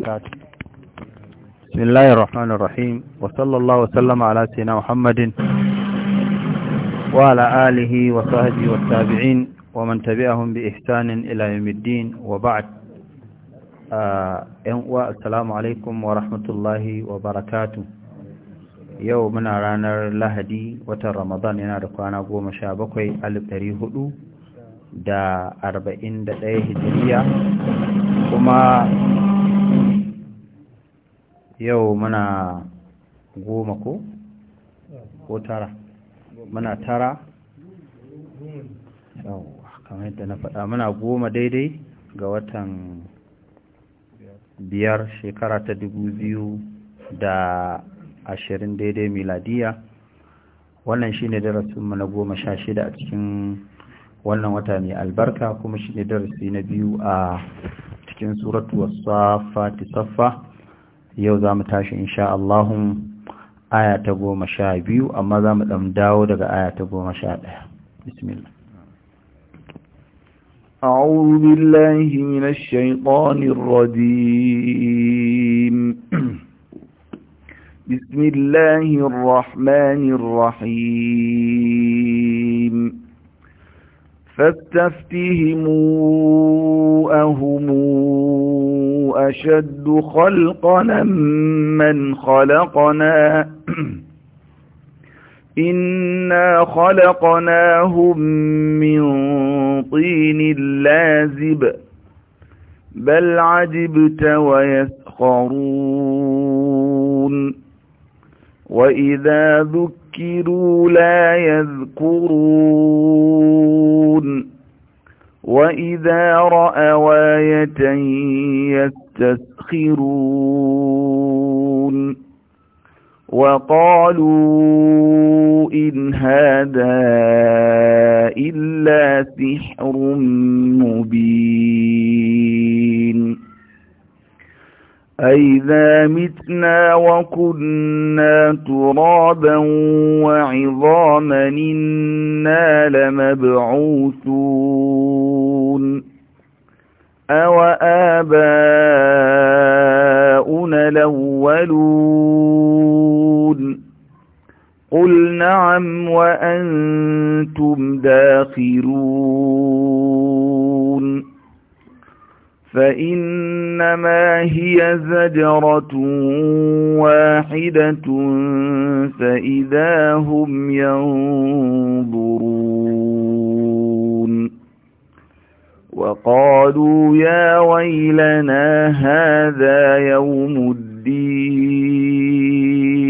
بسم الله الرحمن الرحيم وصلى الله وسلم على سيدنا محمد وعلى آله وصحبه والتابعين ومن تبعهم بإحسان إلى يوم الدين وبعد السلام عليكم ورحمة الله وبركاته يومنا رانا لهدي وتر رمضان ينادقنا قوم شابكوي ألب تريهدو da arba'in da ɗaya hijiriya kuma yau muna goma ko ko tara muna tara yawwa kamar yadda na faɗa muna goma daidai ga watan biyar shekara ta dubu biyu da ashirin daidai miladiya wannan shine darasinmu na goma sha shida a cikin wannan wata mai albarka kuma shine darasi na biyu a cikin suratu wasu saffa yau za mu tashi sha Allahun aya ta goma sha biyu amma za mu ɗan dawo daga aya ta goma sha ɗaya bismillah أعوذ بالله من الشيطان الرجيم بسم الله الرحمن الرحيم فاستفتهم أهم أشد خلقنا من خلقنا إنا خلقناهم من طين لازب بل عجبت ويسخرون وإذا ذكرت ذكروا لا يذكرون وإذا رأوا آية يستسخرون وقالوا إن هذا إلا سحر مبين أَإِذَا مِتْنَا وَكُنَّا تُرَابًا وَعِظَامًا إِنَّا لَمَبْعُوثُونَ أَوَآبَاؤُنَا الْأَوَّلُونَ قُلْ نَعَمْ وَأَنْتُمْ دَاخِرُونَ فإنما هي زجرة واحدة فإذا هم ينظرون وقالوا يا ويلنا هذا يوم الدين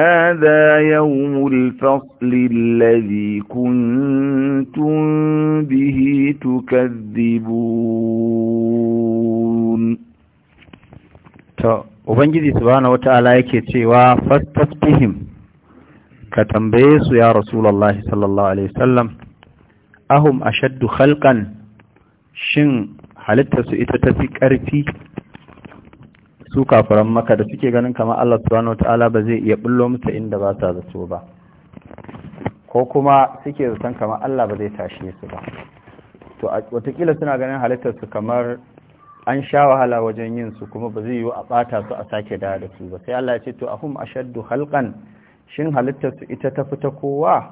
هذا يوم الفصل الذي كنتم به تكذبون to ubangiji subhanahu wataala yake cewa fastaftihim ka tambaye su ya rasulullahi sallallahu alaihi wasallam ahum ashaddu khalqan shin halittarsu ita tafi ƙarfi su kafiran maka da suke ganin kamar Allah subhanahu ta'ala ba zai iya bullo musu inda ba sa zato ba ko kuma suke zaton kamar Allah ba zai tashe su ba to watakila suna ganin halittar su kamar an sha wahala wajen yin su kuma ba zai yi a bata su a sake da da su ba sai Allah ya ce to ahum ashaddu khalqan shin halittar su ita ta fita kowa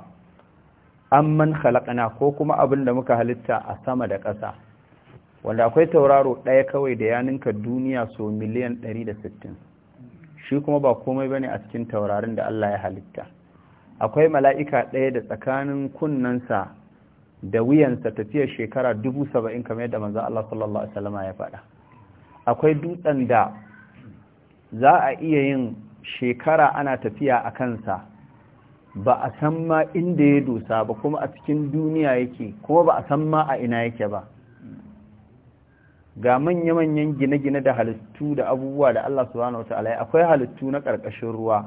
amman khalaqna ko kuma abin da muka halitta a sama da ƙasa wanda akwai tauraro ɗaya kawai da ya duniya so miliyan 160 shi kuma ba komai bane a cikin taurarin da Allah ya halitta akwai mala'ika ɗaya da tsakanin kunnansa da wuyansa tafiyar shekara dubu saba'in kamar yadda manzan Allah sallallahu Alaihi ya faɗa akwai dutsen da za a iya yin shekara ana tafiya a kansa ba a san ma inda ya dosa ba kuma a cikin duniya yake kuma ba a san ma a ina yake ba ga manya-manyan gine-gine da halittu da abubuwa da Allah subhanahu wata'ala akwai halittu na ƙarƙashin ruwa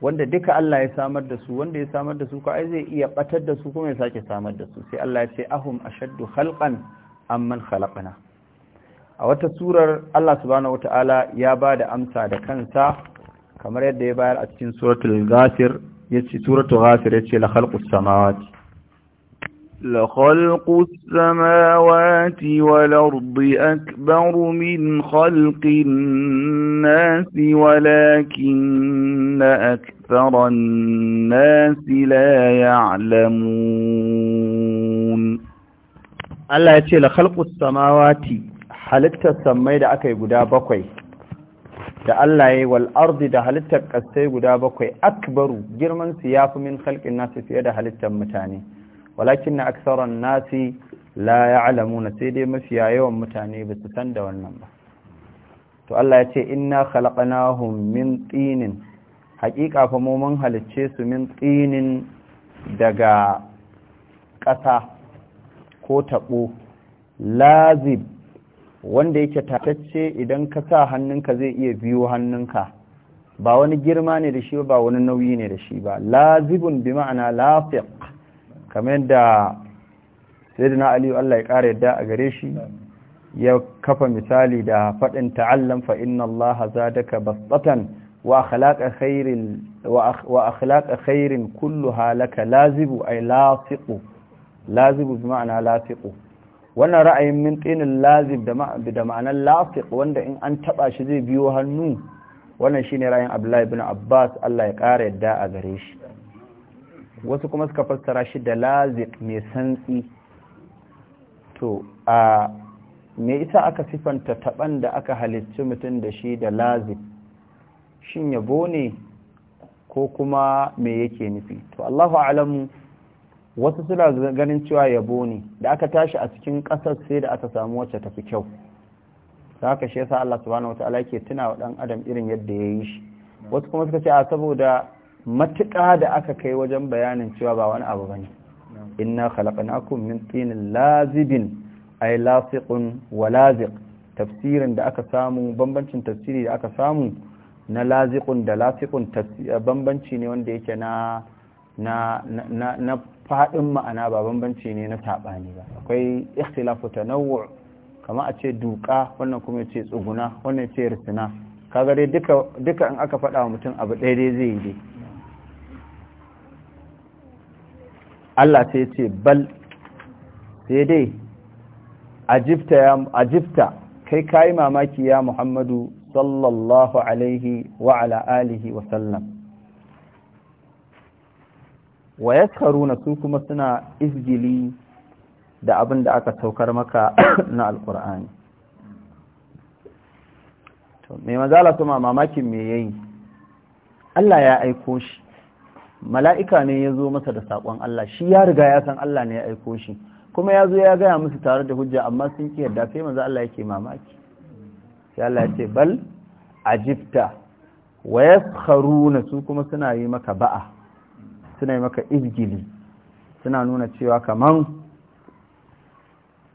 wanda duka Allah ya samar da su wanda ya samar da su ko ai zai iya batar da su kuma ya sake samar da su sai Allah ya ce ahum ashaddu khalqan amman khalaqna a wata surar Allah subhanahu wata'ala ya ba da amsa da kansa kamar yadda ya bayar a cikin suratul ghafir yace suratul ghafir yace la khalqus samawati لخلق السماوات والأرض أكبر من خلق الناس ولكن أكثر الناس لا يعلمون الله يتشي لخلق السماوات حلتك السمي دا أكي قدابكوي دا الله والأرض دا حلتك السي قدابكوي أكبر جرمان سياف من خلق الناس في هذا حلتك متاني walakin na aksaron nasi la ya na sai dai mafiya yawan mutane ba su san da wannan ba to Allah ya ce inna khalaqnahum min tinin haƙiƙa fa mu mun halicce su min tsinin daga ƙasa ko taɓo lazib wanda yake tatacce idan ka sa hannunka zai iya biyo hannunka ba wani girma ne da shi ba wani nauyi ne da shi ba lazibun bi ma'ana lafiq kamar yadda na aliyu Allah ya kare yadda a gare shi ya kafa misali da faɗin ta'allam fa inna Allah zadaka bastatan wa akhlaqa khairin wa akhlaqa khairin kulluha laka lazibu ay lafiqu lazibu bi ma'ana lafiqu wannan ra'ayin min lazib da ma'ana lafiq wanda in an taba shi zai biyo hannu wannan shine ra'ayin Abdullahi ibn Abbas Allah ya kare yadda a gare shi wasu kuma suka fassara shi da lazik mai santsi to a me isa aka sifanta taban da aka halicci mutum da shi da lazik shin yabo ne ko kuma me yake nufi to Allahu a'lamu wasu suna ganin cewa yabo ne da aka tashi a cikin ƙasar sai da aka samu wacce tafi kyau da aka shi yasa Allah subhanahu wataala yake tuna wa dan adam irin yadda yayi shi wasu kuma suka ce a saboda matuƙa da aka kai wajen bayanin cewa ba wani abu bane inna khalaqnakum min tinin lazibin ay lasiqun wa laziq tafsirin da aka samu bambancin tafsiri da aka samu na laziqun da lasiqun bambanci ne wanda yake na na na na fadin ma'ana ba bambanci ne na tabani ba akwai ikhtilafu tanawwu kama a ce duka wannan kuma ce tsuguna wannan yace risina kaga dai duka duka in aka fada wa mutum abu daidai zai yi dai Allah sai ce bal sai dai ajibta kai kayi mamaki ya Muhammadu sallallahu alaihi wa ala alihi wa sallam wa yaskaruna su kuma suna izgili da abin da aka saukar maka na alkur'ani to me mazala mamakin me yayi Allah ya aiko shi mala'ika ne ya zo masa da saƙon Allah shi ya riga ya san Allah ne ya aiko shi kuma ya zo ya gaya musu tare da hujja amma sun ki yadda sai maza Allah yake mamaki sai Allah ya ce bal ajibta wa na su kuma suna yi maka ba'a suna yi maka izgili suna nuna cewa kaman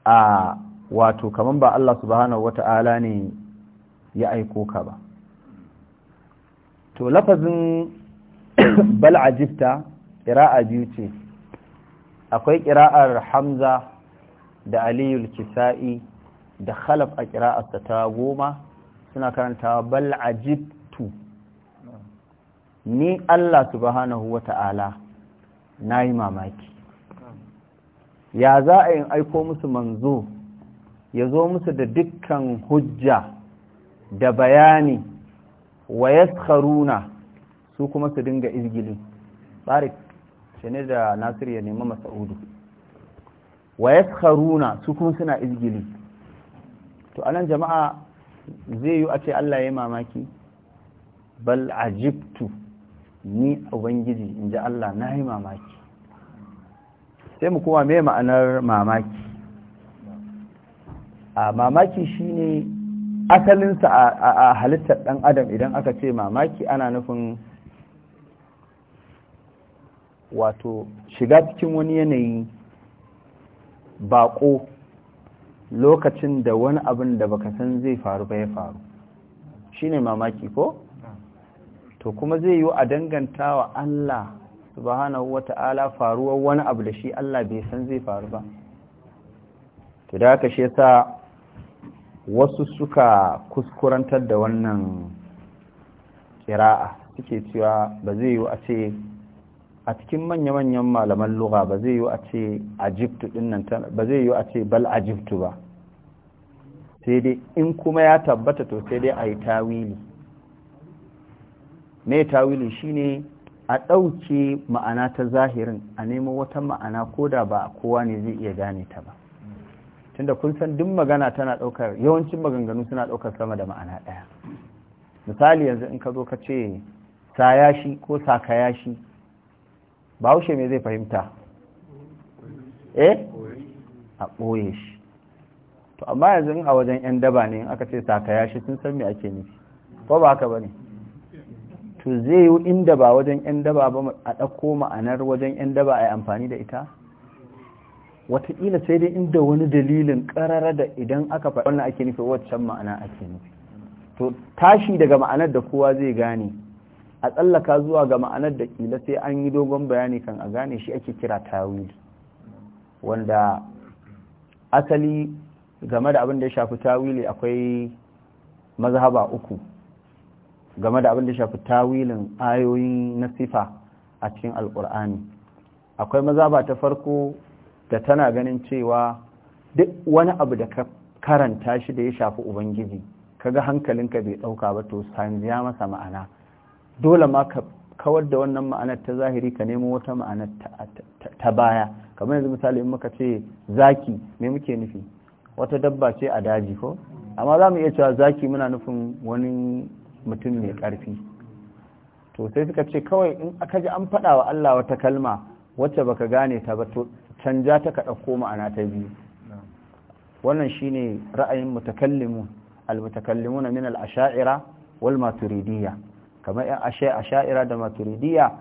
a wato kaman ba Allah subhanahu wata'ala ne ya aiko ka ba to lafazin bal ajibta ƙira'a biyu ce akwai ƙira'ar hamza da aliyul kisa'i da khalaf a ƙira'arsa ta goma suna karantawa bal ajibtu ni Allah subhanahu wa ta'ala na yi mamaki ya za a yin aiko musu manzo ya zo musu da dukkan hujja da bayani wa su kuma su dinga izgili barik shine da nasir ya nemi masaudu wa yaskharuna su kuma suna izgili to anan jama'a zai yi a ce Allah ya mamaki bal ajibtu ni ubangiji in ji Allah na yi mamaki sai mu kuma mai ma'anar mamaki a mamaki shine asalinsa a halittar ɗan adam idan aka ce mamaki ana nufin wato shiga cikin wani yanayi bako lokacin da wani abin da baka san zai faru ba ya faru shine mamaki ko to kuma zai yi a danganta wa Allah subhanahu wata'ala faruwar wani abu da shi Allah bai san zai faru ba to da aka shi yasa wasu suka kuskurantar da wannan kira'a suke cewa ba zai yi a ce a cikin manya-manyan malaman lugha ba zai yi a ce ajibtu dinnan ba zai yi a ce bal ajibtu ba sai dai in kuma ya tabbata to sai dai a yi tawili me tawili shine a ɗauke ma'ana ta zahirin a nemo wata ma'ana ko da ba kowa ne zai iya gane ta ba tunda kun san duk magana tana ɗaukar yawancin maganganu suna ɗaukar sama da ma'ana ɗaya misali yanzu in ka zo ka ce sa-yashi ko sa yashi bahaushe me zai fahimta eh a ɓoye shi to amma yanzu a wajen 'yan daba ne in aka ce sakaya shi sun san me ake nufi ko ba haka ba ne to zai yi inda ba wajen 'yan daba ba a ɗauko ma'anar wajen 'yan daba a yi amfani da ita wataƙila sai dai inda wani dalilin ƙarara da idan aka faɗi wannan ake nufi waccan ma'ana ake nufi to tashi daga ma'anar da kowa zai gane a tsallaka zuwa ga ma'anar da kila sai an yi dogon bayani kan a gane shi ake kira tawil. wanda asali game da abin da ya shafi tawili akwai mazhaba uku game da abin da ya shafi tawilin ayoyin na sifa a cikin alkur'ani akwai mazhaba ta farko da tana ganin cewa duk wani abu da ka karanta shi da ya shafi ubangiji kaga hankalinka bai dauka ba to sanziya masa ma'ana dole ma ka kawar da wannan ma'anar ta zahiri ka nemo wata ma'anar ta baya kamar yanzu misali in muka ce zaki me muke nufi wata dabba ce a daji ko amma za mu iya cewa zaki muna nufin wani mutum mai ƙarfi to sai suka ce kawai in aka ji an faɗa wa Allah wata kalma wacce baka gane ta ba to canja ta ka ɗauko ma'ana ta biyu wannan shine ra'ayin mutakallimun al-mutakallimuna min al-asha'ira wal maturidiyya kamar yan asha'ira da maturidiya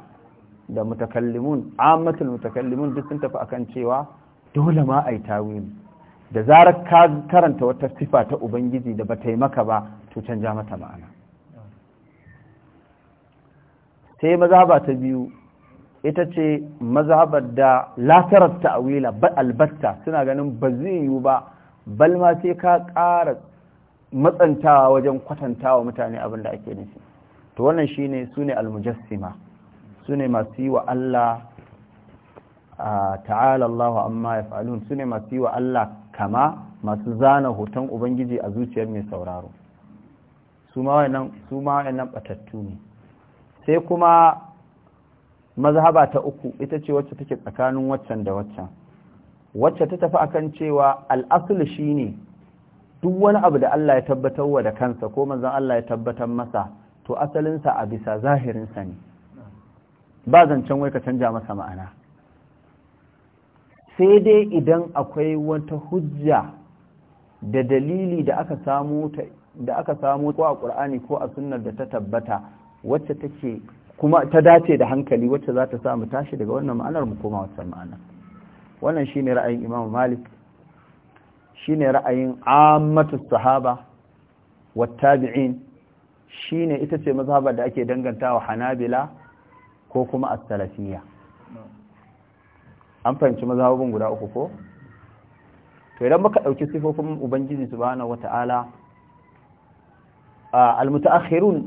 da mutakallimun ammatul mutakallimun duk sun tafi akan cewa dole ma ai tawili da zarar ka karanta wata sifa ta ubangiji da ba ta yi maka ba to canja mata ma'ana sai mazhaba ta biyu ita ce mazhabar da latarar ta'awila ba albatta suna ganin ba zai yiwu ba balma sai ka ƙara matsantawa wajen kwatantawa mutane abin da ake nufi to wannan shine sune almujassima sune masu yi wa Allah ta'ala Allahu amma yaf'alun sune masu yi wa Allah kama masu zana hoton ubangiji a zuciyar mai sauraro su ma wayannan su batattu ne sai kuma mazhaba ta uku ita ce wacce take tsakanin waccan da waccan wacce ta tafi akan cewa al'asul shine duk wani abu da Allah ya tabbatar wa da kansa ko manzon Allah ya tabbatar masa to asalinsa a bisa zahirinsa ne ba zancen wai ka canja masa ma'ana sai dai idan akwai wata hujja da dalili da aka samu da aka ko a ƙur'ani ko a sunnar da ta tabbata wacce take kuma ta dace da hankali wacce za ta samu tashi daga wannan ma'anar mu koma wata ma'ana wannan shi ne ra'ayin Imam Malik shi ne ra'ayin amatu sahaba wa tabi'in Shi ne ita ce mazhabar da ake dangantawa hanabila ko kuma as an fahimci mazhabin guda uku ko to idan muka ɗauki sifofin ubangiji su subhanahu wataala al-mutaakhirun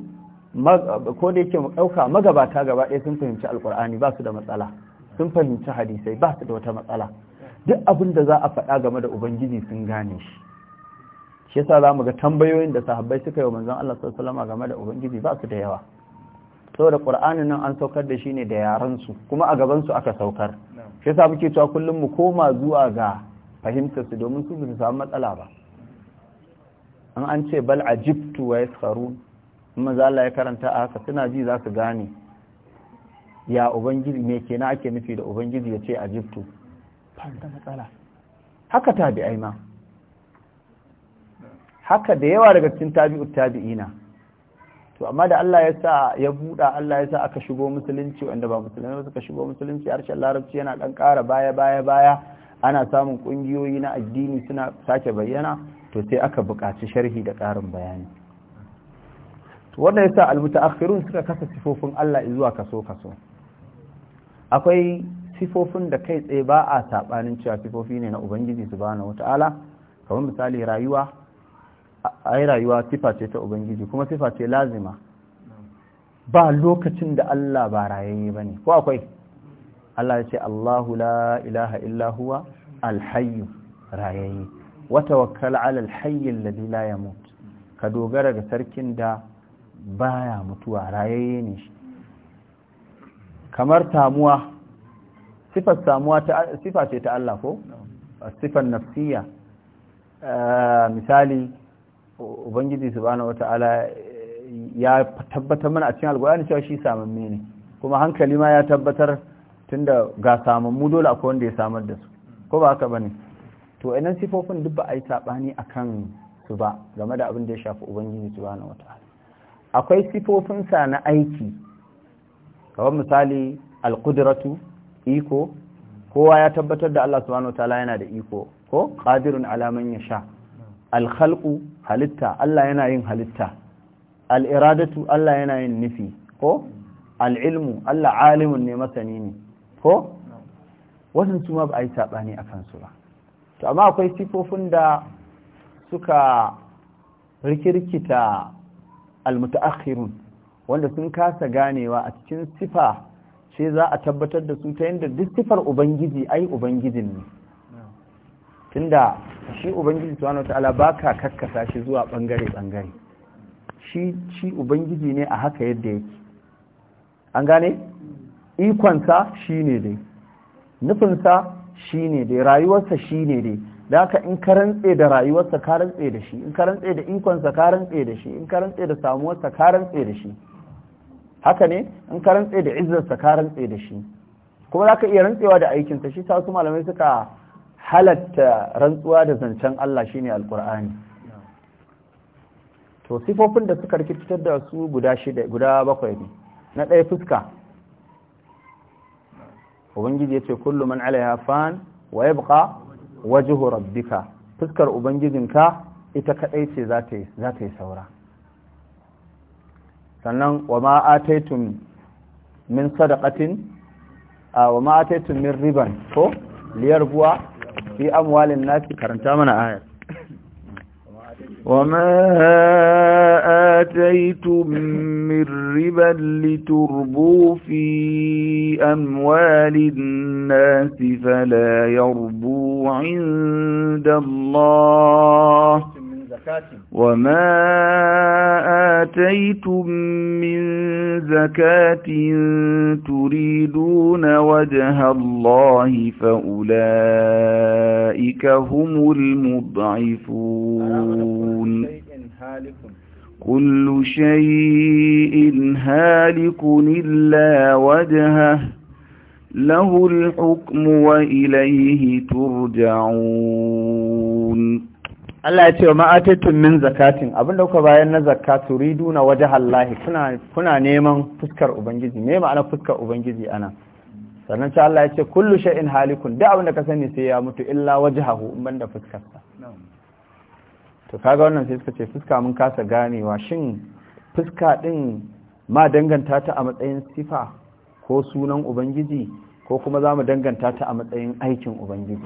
ko da yake ɗauka magabata gaba ɗaya sun fahimci alqur'ani ba su da matsala sun fahimci hadisai ba su da wata matsala duk abin da za a faɗa game da ubangiji sun gane shi shi yasa mu ga tambayoyin da sahabbai suka yi wa manzon Allah sallallahu alaihi wasallam game da ubangiji ba su da yawa saboda qur'anin nan an saukar da shi ne da yaran su kuma a gaban su aka saukar shi yasa muke cewa kullum mu koma zuwa ga fahimtar su domin su su samu matsala ba an an ce bal ajibtu wa yaskharun amma za Allah ya karanta a haka suna ji za su gane ya ubangiji me kenan ake nufi da ubangiji ya ce ajibtu ba da matsala haka tabi'ai ma haka da yawa daga cikin tabi'ut tabi'ina to amma da Allah ya sa ya buɗa Allah ya sa aka shigo musulunci wanda ba musulmai suka shigo musulunci har harshen larabci yana ɗan ƙara baya baya baya ana samun ƙungiyoyi na addini suna sake bayyana to sai aka buƙaci sharhi da ƙarin bayani to wanda ya sa almutaakhirun suka kasa sifofin Allah zuwa kaso kaso akwai sifofin da kai tsaye ba a sabanin cewa sifofi ne na ubangiji subhanahu wataala kamar misali rayuwa ai rayuwa sifa ce ta ubangiji kuma sifa ce lazima ba lokacin da Allah ba ba ne, ko akwai Allah ya ce Allahu la ilaha illa huwa alhayyu rayayye Wata wakala ala alhayy alladhi la yamut ka dogara ga sarkin da baya mutuwa rayayye ne kamar tamuwa sifar samuwa ta sifa ce ta Allah ko sifar nafsiya eh, misali ubangiji subhanahu wata'ala eh, ya tabbatar mana a cikin alkur'ani cewa shi samamme ne kuma hankali ma ya tabbatar tunda ga samammu dole akwai wanda ya samar da su ko ba haka bane to idan sifofin duk ba a yi sabani akan su ba game da abin da ya shafi ubangiji subhanahu wata'ala akwai sifofin sa na aiki kamar misali alqudratu iko kowa ya tabbatar da Allah subhanahu wata'ala yana da iko ko qadirun alaman ya sha. alkhalqu halitta Allah yana yin halitta al'iradatu Allah yana yin nufi ko al'ilmu Allah alimun ne masani ne ko wasu su ba a yi saɓani a kansu ba to amma akwai sifofin da suka rikirkita almutaakhirun wanda sun kasa ganewa a cikin sifa sai za a tabbatar da su ta yadda duk sifar ubangiji ai ubangijin ne tunda shi ubangiji subhanahu wataala baka kakkasa shi zuwa bangare bangare shi shi ubangiji ne a haka yadda yake an gane ikonsa shine dai nufinsa shine dai rayuwarsa shine dai da haka in ka rantse da rayuwarsa ka rantse da shi in ka rantse da ikonsa ka rantse da shi in ka rantse da samuwarsa ka rantse da shi haka ne in ka rantse da izzarsa ka rantse da shi kuma za ka iya rantsewa da aikinsa shi ta su malamai suka halatta rantsuwa da zancen Allah shine alqur'ani to sifofin da suka rikitar da su guda shida guda bakwai ne na ɗaya fuska ubangiji yace kullu man alaiha fan wa yabqa wajhu rabbika fuskar ubangijinka ita kadai ce za ta yi saura sannan wa ma ataitum min sadaqatin wa ma ataitum min riban ko liyarbuwa في أموال الناس karanta من آية وما آتيتم من ربا لتربوا في أموال الناس فلا يربو عند الله وما آتيتم من زكاة تريدون وجه الله فأولئك هم المضعفون كل شيء هالك إلا وجهه له الحكم وإليه ترجعون Allah ya ce wa ma'atattun min zakatin abinda kuka bayan na zakka turiduna wajhallahi kuna kuna neman fuskar ubangiji me ma'ana fuskar ubangiji ana sannan ta Allah ya ce kullu shay'in halikun duk abinda ka sani sai ya mutu illa wajhahu in banda fuskarsa to kaga wannan sai suka ce fuska mun kasa ganewa shin fuska din ma danganta ta a matsayin sifa ko sunan ubangiji ko kuma za mu danganta ta a matsayin aikin ubangiji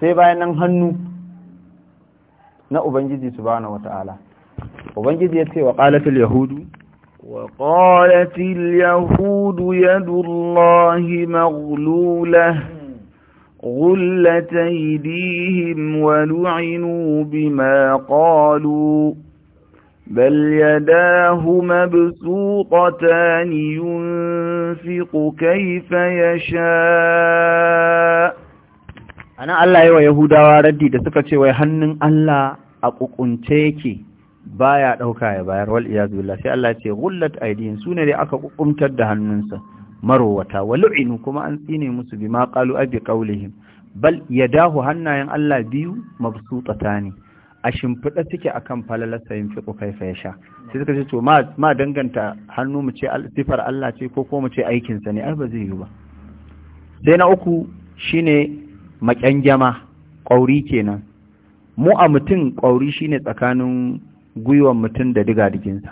sai bayan nan hannu na ubangiji subhanahu wata'ala ubangiji ya ce wa qalatul yahudu وقالت اليهود يد الله مغلولة غلت أيديهم ولعنوا بما قالوا بل يداه مبسوطتان ينفق كيف يشاء anan Allah yi wa yahudawa raddi da suka ce wai hannun Allah a kukunce yake baya dauka ya bayar wal iyaz billah sai Allah ce gullat aidin sune da aka kukumtar da hannunsa marowata walu'inu kuma an tsine musu ma qalu abi qawlihim bal yadahu hannayen Allah biyu mabsutatani a shimfiɗa suke akan falalarsa yin fiƙo kaifa ya sha sai suka ce to ma danganta hannu mu ce sifar Allah ce ko ko mu ce aikinsa ne ai ba zai yi ba sai na uku shine maƙyangyama ƙwauri kenan mu a mutum ƙwauri shine tsakanin gwiwan mutum da diga diginsa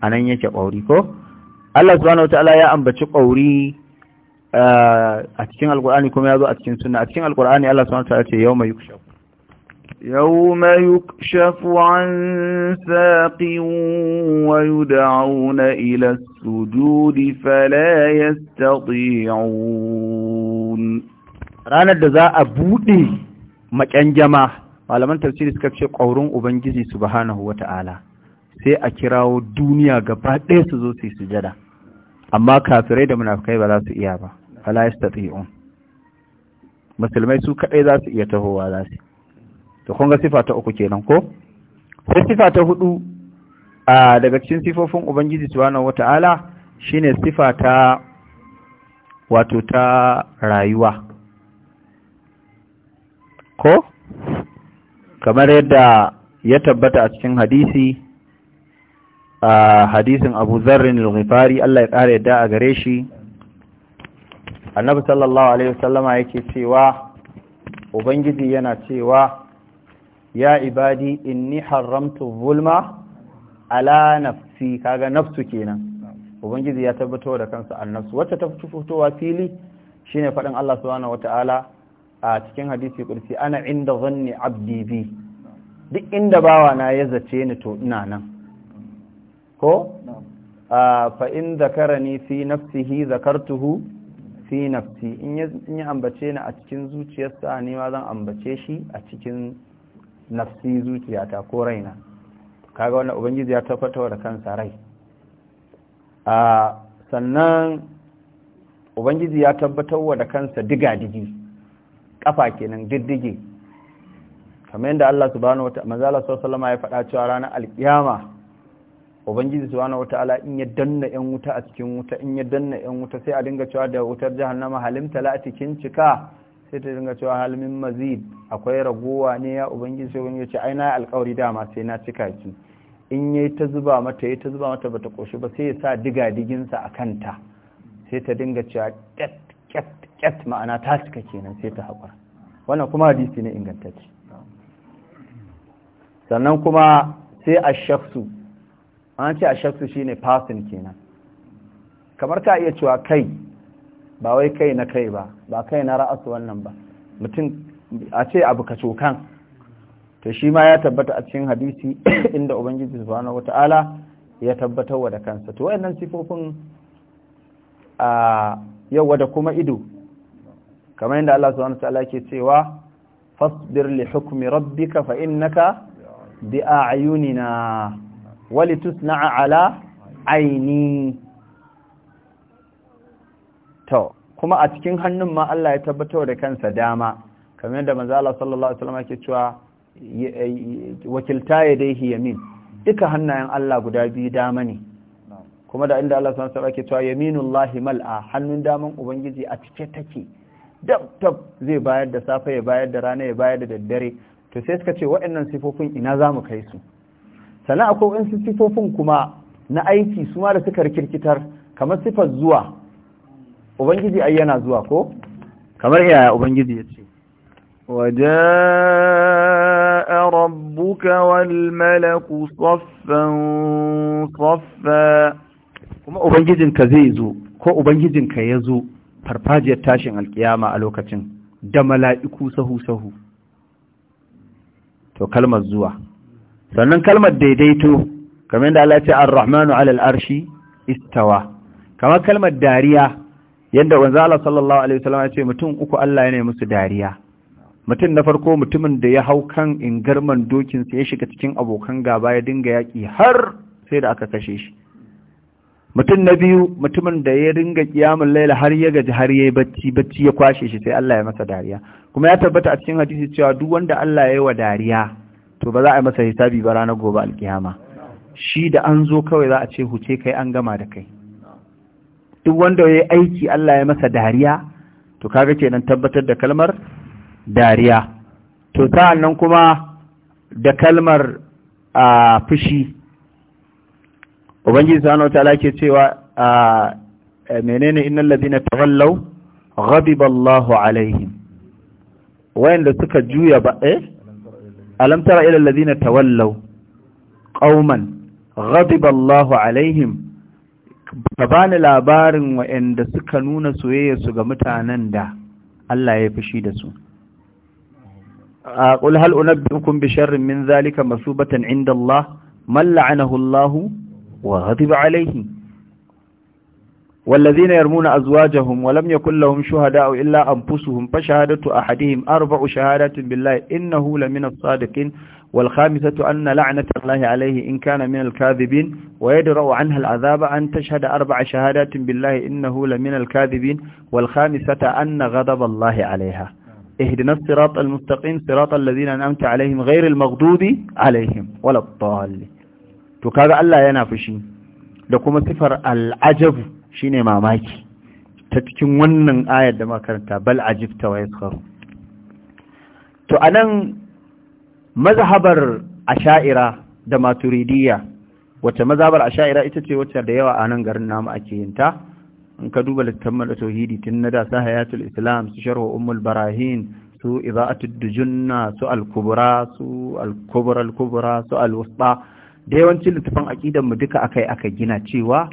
a nan yake ƙwauri ko Allah subhanahu ta'ala ya ambaci ƙwauri eh, a cikin alƙur'ani kuma ya zo a cikin suna a cikin alkur'ani Allah subhanahu wataala ce yawma yukshaf yawma an saqin wa yud'auna ila su sujudi fala yastati'un ranar da za a buɗe jama malaman tafsiri suka ce ƙaurin ubangiji subhanahu ta'ala sai a kirawo duniya gaba ɗaya su zo su sujada amma kafirai da munafikai ba za su iya ba fala yastati'un musulmai su kaɗai za su iya tahowa za su to kun ga sifa ta uku kenan ko sai sifa ta hudu a daga cikin sifofin ubangiji subhanahu wata'ala shine sifa ta wato ta rayuwa ko kamar yadda ya tabbata a cikin hadisi a hadisin abu zarrin al Allah ya ƙara yadda a gare shi annabi sallallahu alaihi wasallama yake cewa ubangiji yana cewa ya ibadi inni haramtu zulma ala nafsi kaga nafsu kenan ubangiji ya tabbatar da kansa annasu wacce ta fitowa fili shine faɗin Allah subhanahu wataala a cikin hadisi kursi ana inda zanni abdi bi duk inda bawa na ya zace ni to ina nan ko fa in zakarani fi nafsihi zakartuhu fi nafsi in ya ambace ni a cikin zuciyarsa ne ma zan ambace shi a cikin nafsi zuciyata ko raina kaga wannan ubangiji ya tabbatar da kansa rai sannan ubangiji ya tabbatar da kansa diga digi kafa kenan diddige kamar yadda Allah subhanahu wataala Allah sallallahu ya faɗa cewa ranar alkiyama ubangiji subhanahu wataala in ya danna yan wuta a cikin wuta in ya danna yan wuta sai a dinga cewa da wutar jahannama halim kin cika sai ta dinga cewa halimin mazid akwai ragowa ne ya ubangiji sai ubangiji ce ai na alƙawari dama sai na cika ki in yayi ta zuba mata yayi ta zuba mata bata koshi ba sai ya sa diga diginsa a kanta sai ta dinga cewa ket ket ƙyat ma'ana ta cika kenan sai ta haƙura wannan kuma hadisi ne ingantacce sannan kuma sai a shaksu an ce a shaksu shi ne fasin kenan kamar ka iya cewa kai ba wai kai na kai ba ba kai na ra'asu wannan ba mutum a ce abu ka cokan to shi ma ya tabbata a cikin hadisi inda ubangiji subhanahu wata'ala ya tabbatar wa da kansa to wayannan sifofin a yawa da kuma ido kamar inda Allah subhanahu wataala yake cewa fasbir li hukmi rabbika fa innaka bi a'yunina wa litusna'a ala aini to kuma a cikin hannun ma Allah ya tabbatar da kansa dama kamar yadda manzo Allah sallallahu alaihi wasallam yake cewa wakilta yadayhi yamin duka hannayen Allah guda biyu dama ne kuma da inda Allah subhanahu wataala yake cewa yaminullahi mal'a hannun daman ubangiji a cike take dab dab zai bayar da safe ya bayar da rana ya bayar da daddare to sai suka ce waɗannan sifofin ina za mu kai su sannan akwai waɗansu sifofin kuma na aiki su ma da suka rikirkitar kamar sifar zuwa ubangiji ai yana zuwa ko kamar yaya ubangiji ya ce Waje a وجاء wal malaku صفا صفا kuma ubangijinka zai zo ko ubangijinka ya zo farfajiyar tashin alkiyama a lokacin da mala'iku sahu-sahu to kalmar zuwa sannan kalmar daidaito kamar da Allah ce ar-rahmanu alal arshi istawa kamar kalmar dariya yadda wanzu Allah sallallahu alaihi wasallam ya ce mutum uku Allah ya ne musu dariya mutum na farko mutumin da ya hau kan ingarman dokinsa ya shiga cikin abokan gaba ya dinga yaƙi har sai da aka kashe shi mutum na biyu mutumin da ya ringa kiyamun laila har ya gaji har ya yi bacci bacci ya kwashe shi sai Allah ya masa dariya kuma ya tabbata a cikin hadisi cewa duk wanda Allah ya yi wa dariya to ba za a yi masa hisabi ba ranar gobe alkiyama shi da an zo kawai za a ce huce kai an gama da kai duk wanda ya yi aiki Allah ya masa dariya to kaga kenan tabbatar da kalmar dariya to sa'an kuma da kalmar a ah, fushi ubangiji subhanahu ala ke cewa a menene innal ladina tawallaw ghadiba Allahu alaihim wayanda suka juya ba eh alam tara ila alladhina tawallaw qauman ghadiba Allahu alaihim ka bani labarin wayanda suka nuna soyayya su ga mutanen da Allah ya fushi da su a qul hal unabbiukum bi sharrin min zalika batan inda Allah man وغضب عليه والذين يرمون أزواجهم ولم يكن لهم شهداء إلا أنفسهم فشهادة أحدهم أربع شهادات بالله إنه لمن الصادقين والخامسة أن لعنة الله عليه إن كان من الكاذبين ويدرأ عنها العذاب أن تشهد أربع شهادات بالله إنه لمن الكاذبين والخامسة أن غضب الله عليها اهدنا الصراط المستقيم صراط الذين أنعمت عليهم غير المغضوب عليهم ولا الضالين to kaga Allah yana fushi da kuma sifar al'ajabu shine mamaki ta cikin wannan ayar da makaranta bal ta wa yaskharu to anan mazhabar asha'ira da maturidiyya wacce mazhabar asha'ira ita ce wacce da yawa anan garin namu ake yin ta in ka duba littafin tauhidi tun na da sahayatul islam su sharhu ummul barahin su iza'atud dujunna su al-kubra su al-kubra al-kubra su al-wusta da yawancin littafin aƙidanmu duka duka akai aka gina cewa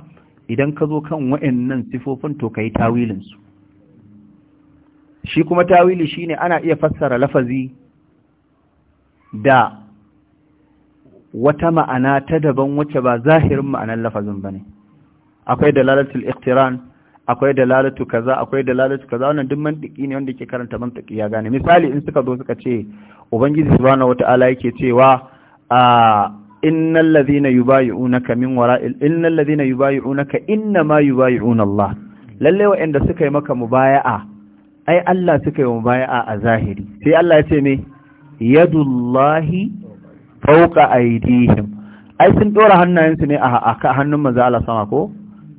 idan ka zo kan waɗannan sifofin to ka yi tawilinsu. shi kuma tawili shi ne ana iya fassara lafazi da wata ma'ana ta daban wacce ba zahirin ma'anar lafazin ne. akwai dalalatul iktiran akwai dalalatu kaza akwai dalalatu kaza wannan duk mantiki ne wanda ke karanta mantiki ya gane misali in suka zo suka ce ubangiji subhanahu wataala yake cewa a ah, innal yi unaka min wara'il innal ladhina yubayyi'unaka innama yubayyi'una Allah lalle wa'anda suka yi maka mubaya'a ai Allah suka yi mubaya'a a zahiri sai Allah ya ce me yadullahi fawqa aydihim ai sun dora hannayensu ne a hannun manzo Allah sama ko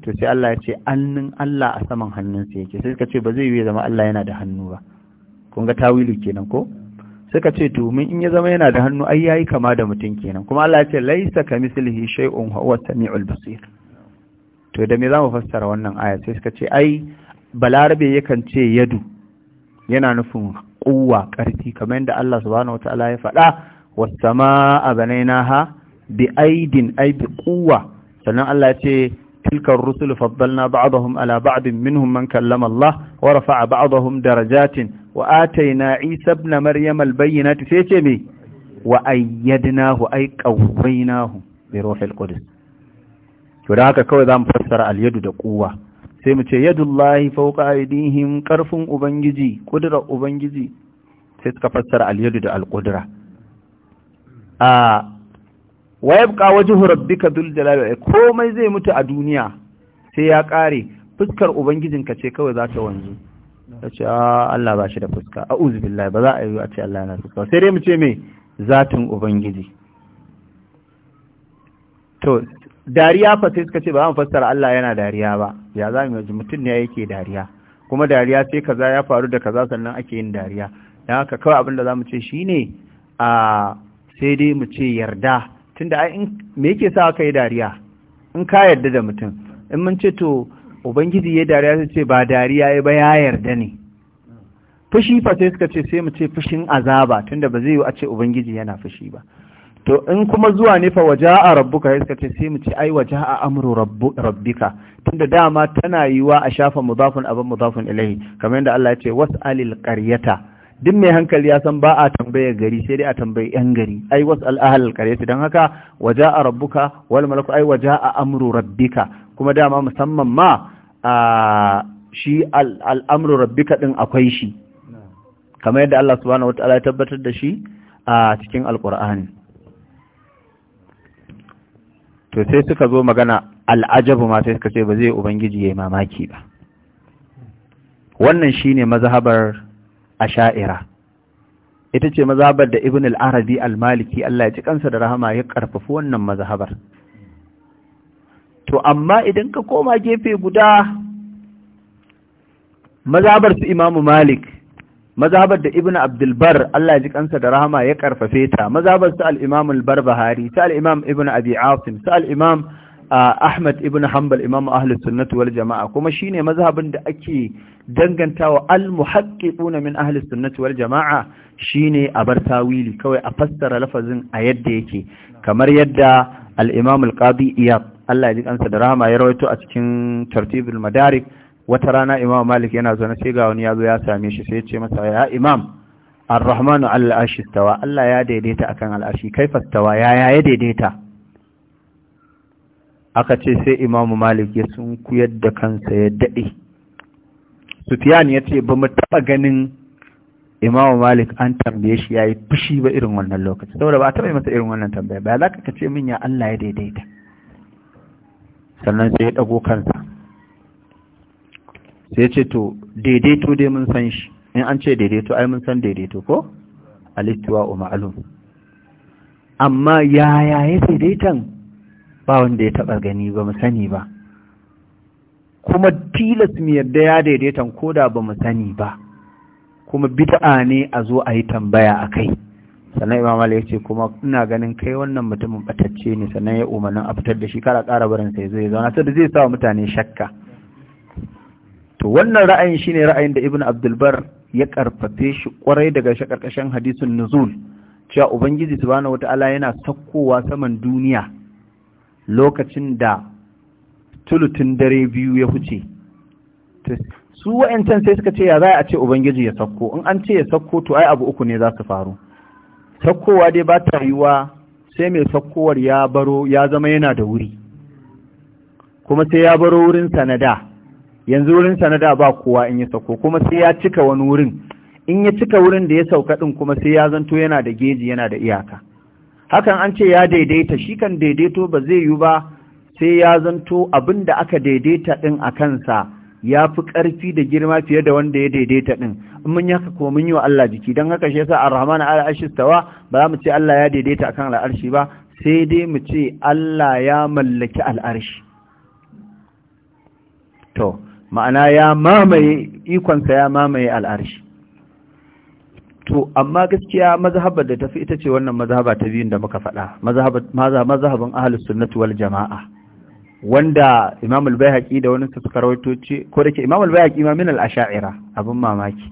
to sai Allah ya ce annin Allah a saman hannunsu yake sai suka ce ba zai yi zama Allah yana da hannu ba kun ga tawili kenan ko suka ce domin in ya zama yana da hannu ai yayi kama da mutum kenan kuma Allah ya ce laisa kamislihi shay'un huwa samiul basir to da me zamu fassara wannan aya sai suka ce ai balarabe yakan ce yadu yana nufin kuwa karfi kamar yadda Allah subhanahu wataala ya faɗa was-samaa banaynaha bi aidin ay bi quwwa sannan Allah ya ce تلك faddalna ba'dahum ala على minhum man kallama Allah wa rafa'a ba'dahum darajatin. wa ataina isa ibn maryam albayyinati sai ce me wa ayyadnahu ay qawwaynahu bi ruhil qudus to da haka kawai zamu fassara al-yadu da quwwa sai mu ce yadullahi fawqa aydihim ƙarfin ubangiji kudrar ubangiji sai suka fassara al-yadu da al-qudra a wa yabqa wajhu rabbika dhul jalali komai zai mutu a duniya sai ya kare fuskar ubangijinka ce kawai za ta wanzu ta ce a ah, Allah ba shi da fuska a uzubillah ba za a yi a ce Allah yana fuska sai dai mu ce mai zatin ubangiji to dariya fa sai suka ce ba mu fassara Allah yana dariya ba ya za mu yi mutum ne yake dariya kuma dariya sai kaza ya faru da kaza sannan ake yin dariya dan haka kawai abin da za mu ce shine a sai dai mu ce yarda tunda ai me yake sa ka yi dariya in ka yarda da mutum in mun ce to ubangiji ya dariya sai ce ba dariya ya ba ya yarda ne fushi fa sai suka ce sai mu ce fushin azaba tunda ba zai yi a ce ubangiji yana fushi ba to in kuma zuwa ne fa a rabbuka sai suka ce sai mu ce ai a amru rabbika tunda dama tana yiwa a shafa mudafun abin mudafun ilahi kamar yadda Allah ya ce was'alil qaryata duk mai hankali ya san ba a tambaye gari sai dai a tambayi yan gari ai wasu ahlal qaryati dan haka a rabbuka wal malaku ai a amru rabbika kuma dama musamman ma a shi al'amru rabbi kaɗin akwai shi kamar yadda Allah subhanahu wataala ya tabbatar da shi a cikin al’ur'ani to sai suka zo magana al'ajabu ma sai suka ce ba zai ubangiji yi mamaki ba wannan shi shine mazhabar sha'ira. ita ce mazhabar da ibn al-arabi al-maliki Allah ya cikansa kansa da rahama ya karfafi wannan mazhabar to amma idan ka koma gefe guda mazabar su imamu malik mazabar da ibn abdulbar Allah ji kansa da rahama ya karfafe ta mazabar su al-imam al su al ibn abi asim su al ahmad ibn hanbal imam ahlus sunnati wal jama'a kuma shine mazhabin da ake dangantawa al-muhaqqiquna min ahlus sunnati wal jama'a shine a bar tawili kawai a fassara lafazin a yadda yake kamar yadda al-imam al-qadi iyad Allah ya ji kansa da rahama ya rawaito a cikin tartibul madarik wata rana imam malik yana zaune sai ga wani yazo ya same shi sai ya ce masa ya imam ar-rahmanu al-arshi stawa Allah ya daidaita akan al-arshi kaifa stawa ya ya daidaita aka ce sai imam malik ya kuyar da kansa ya dade sufyan ya ce ba mu taba ganin imam malik an tambaye shi yayi fushi ba irin wannan lokaci saboda ba a taba masa irin wannan tambaya ba za ka ce min ya Allah ya daidaita sannan sai ya ɗago kansa sai ce to daidaito dai mun san shi in an ce daidaito ai mun san daidaito ko alistuwa o ma'alum amma yaya ya daidaitan ba wanda ya taɓa gani ba mu sani ba kuma tilas mu yarda ya daidaitan ko da ba mu sani ba kuma bid'a ne a zo a yi tambaya a kai sannan imam Ali ya ce kuma ina ganin kai wannan mutumin batacce ne sannan ya umarnin a fitar da shi kara ƙara barin sai zai zauna sai da zai sa mutane shakka to wannan ra'ayin shine ra'ayin da ibnu Abdulbar ya karfafe shi kwarai daga shi hadisin nuzul cewa ubangiji subhanahu wata'ala yana sakkowa saman duniya lokacin da tulutun dare biyu ya huce su wa'ancan sai suka ce ya za a ce ubangiji ya sakko in an ce ya sakko to ai abu uku ne za su faru sakkowa dai ba ta yiwa sai mai sakkowar ya baro ya zama yana da wuri kuma sai ya baro wurin sanada yanzu wurin sanada ba kowa in ya sauko kuma sai ya cika wani wurin in ya cika wurin da ya sauka din kuma sai ya zanto yana da geji yana da iyaka hakan an ce ya daidaita shi kan daidaito ba zai yi ba sai ya zanto abin da aka daidaita ɗin a kansa ya fi ƙarfi da girma fiye da wanda ya daidaita ɗin in mun yaka ko mun yi wa Allah jiki don haka shi yasa ar-rahman ala arshi tawa ba za mu ce Allah ya daidaita akan al'arshi ba sai dai mu ce Allah ya mallaki al'arshi to ma'ana ya mamaye ikonsa ya mamaye al'arshi to amma gaskiya mazhabar da tafi ita ce wannan mazhaba ta biyun da muka faɗa mazhaban ahlus sunnati wal jama'a wanda imam al-bayhaqi da wani suka rawaito ce ko dake imam al-bayhaqi ma min al-ash'ira abin mamaki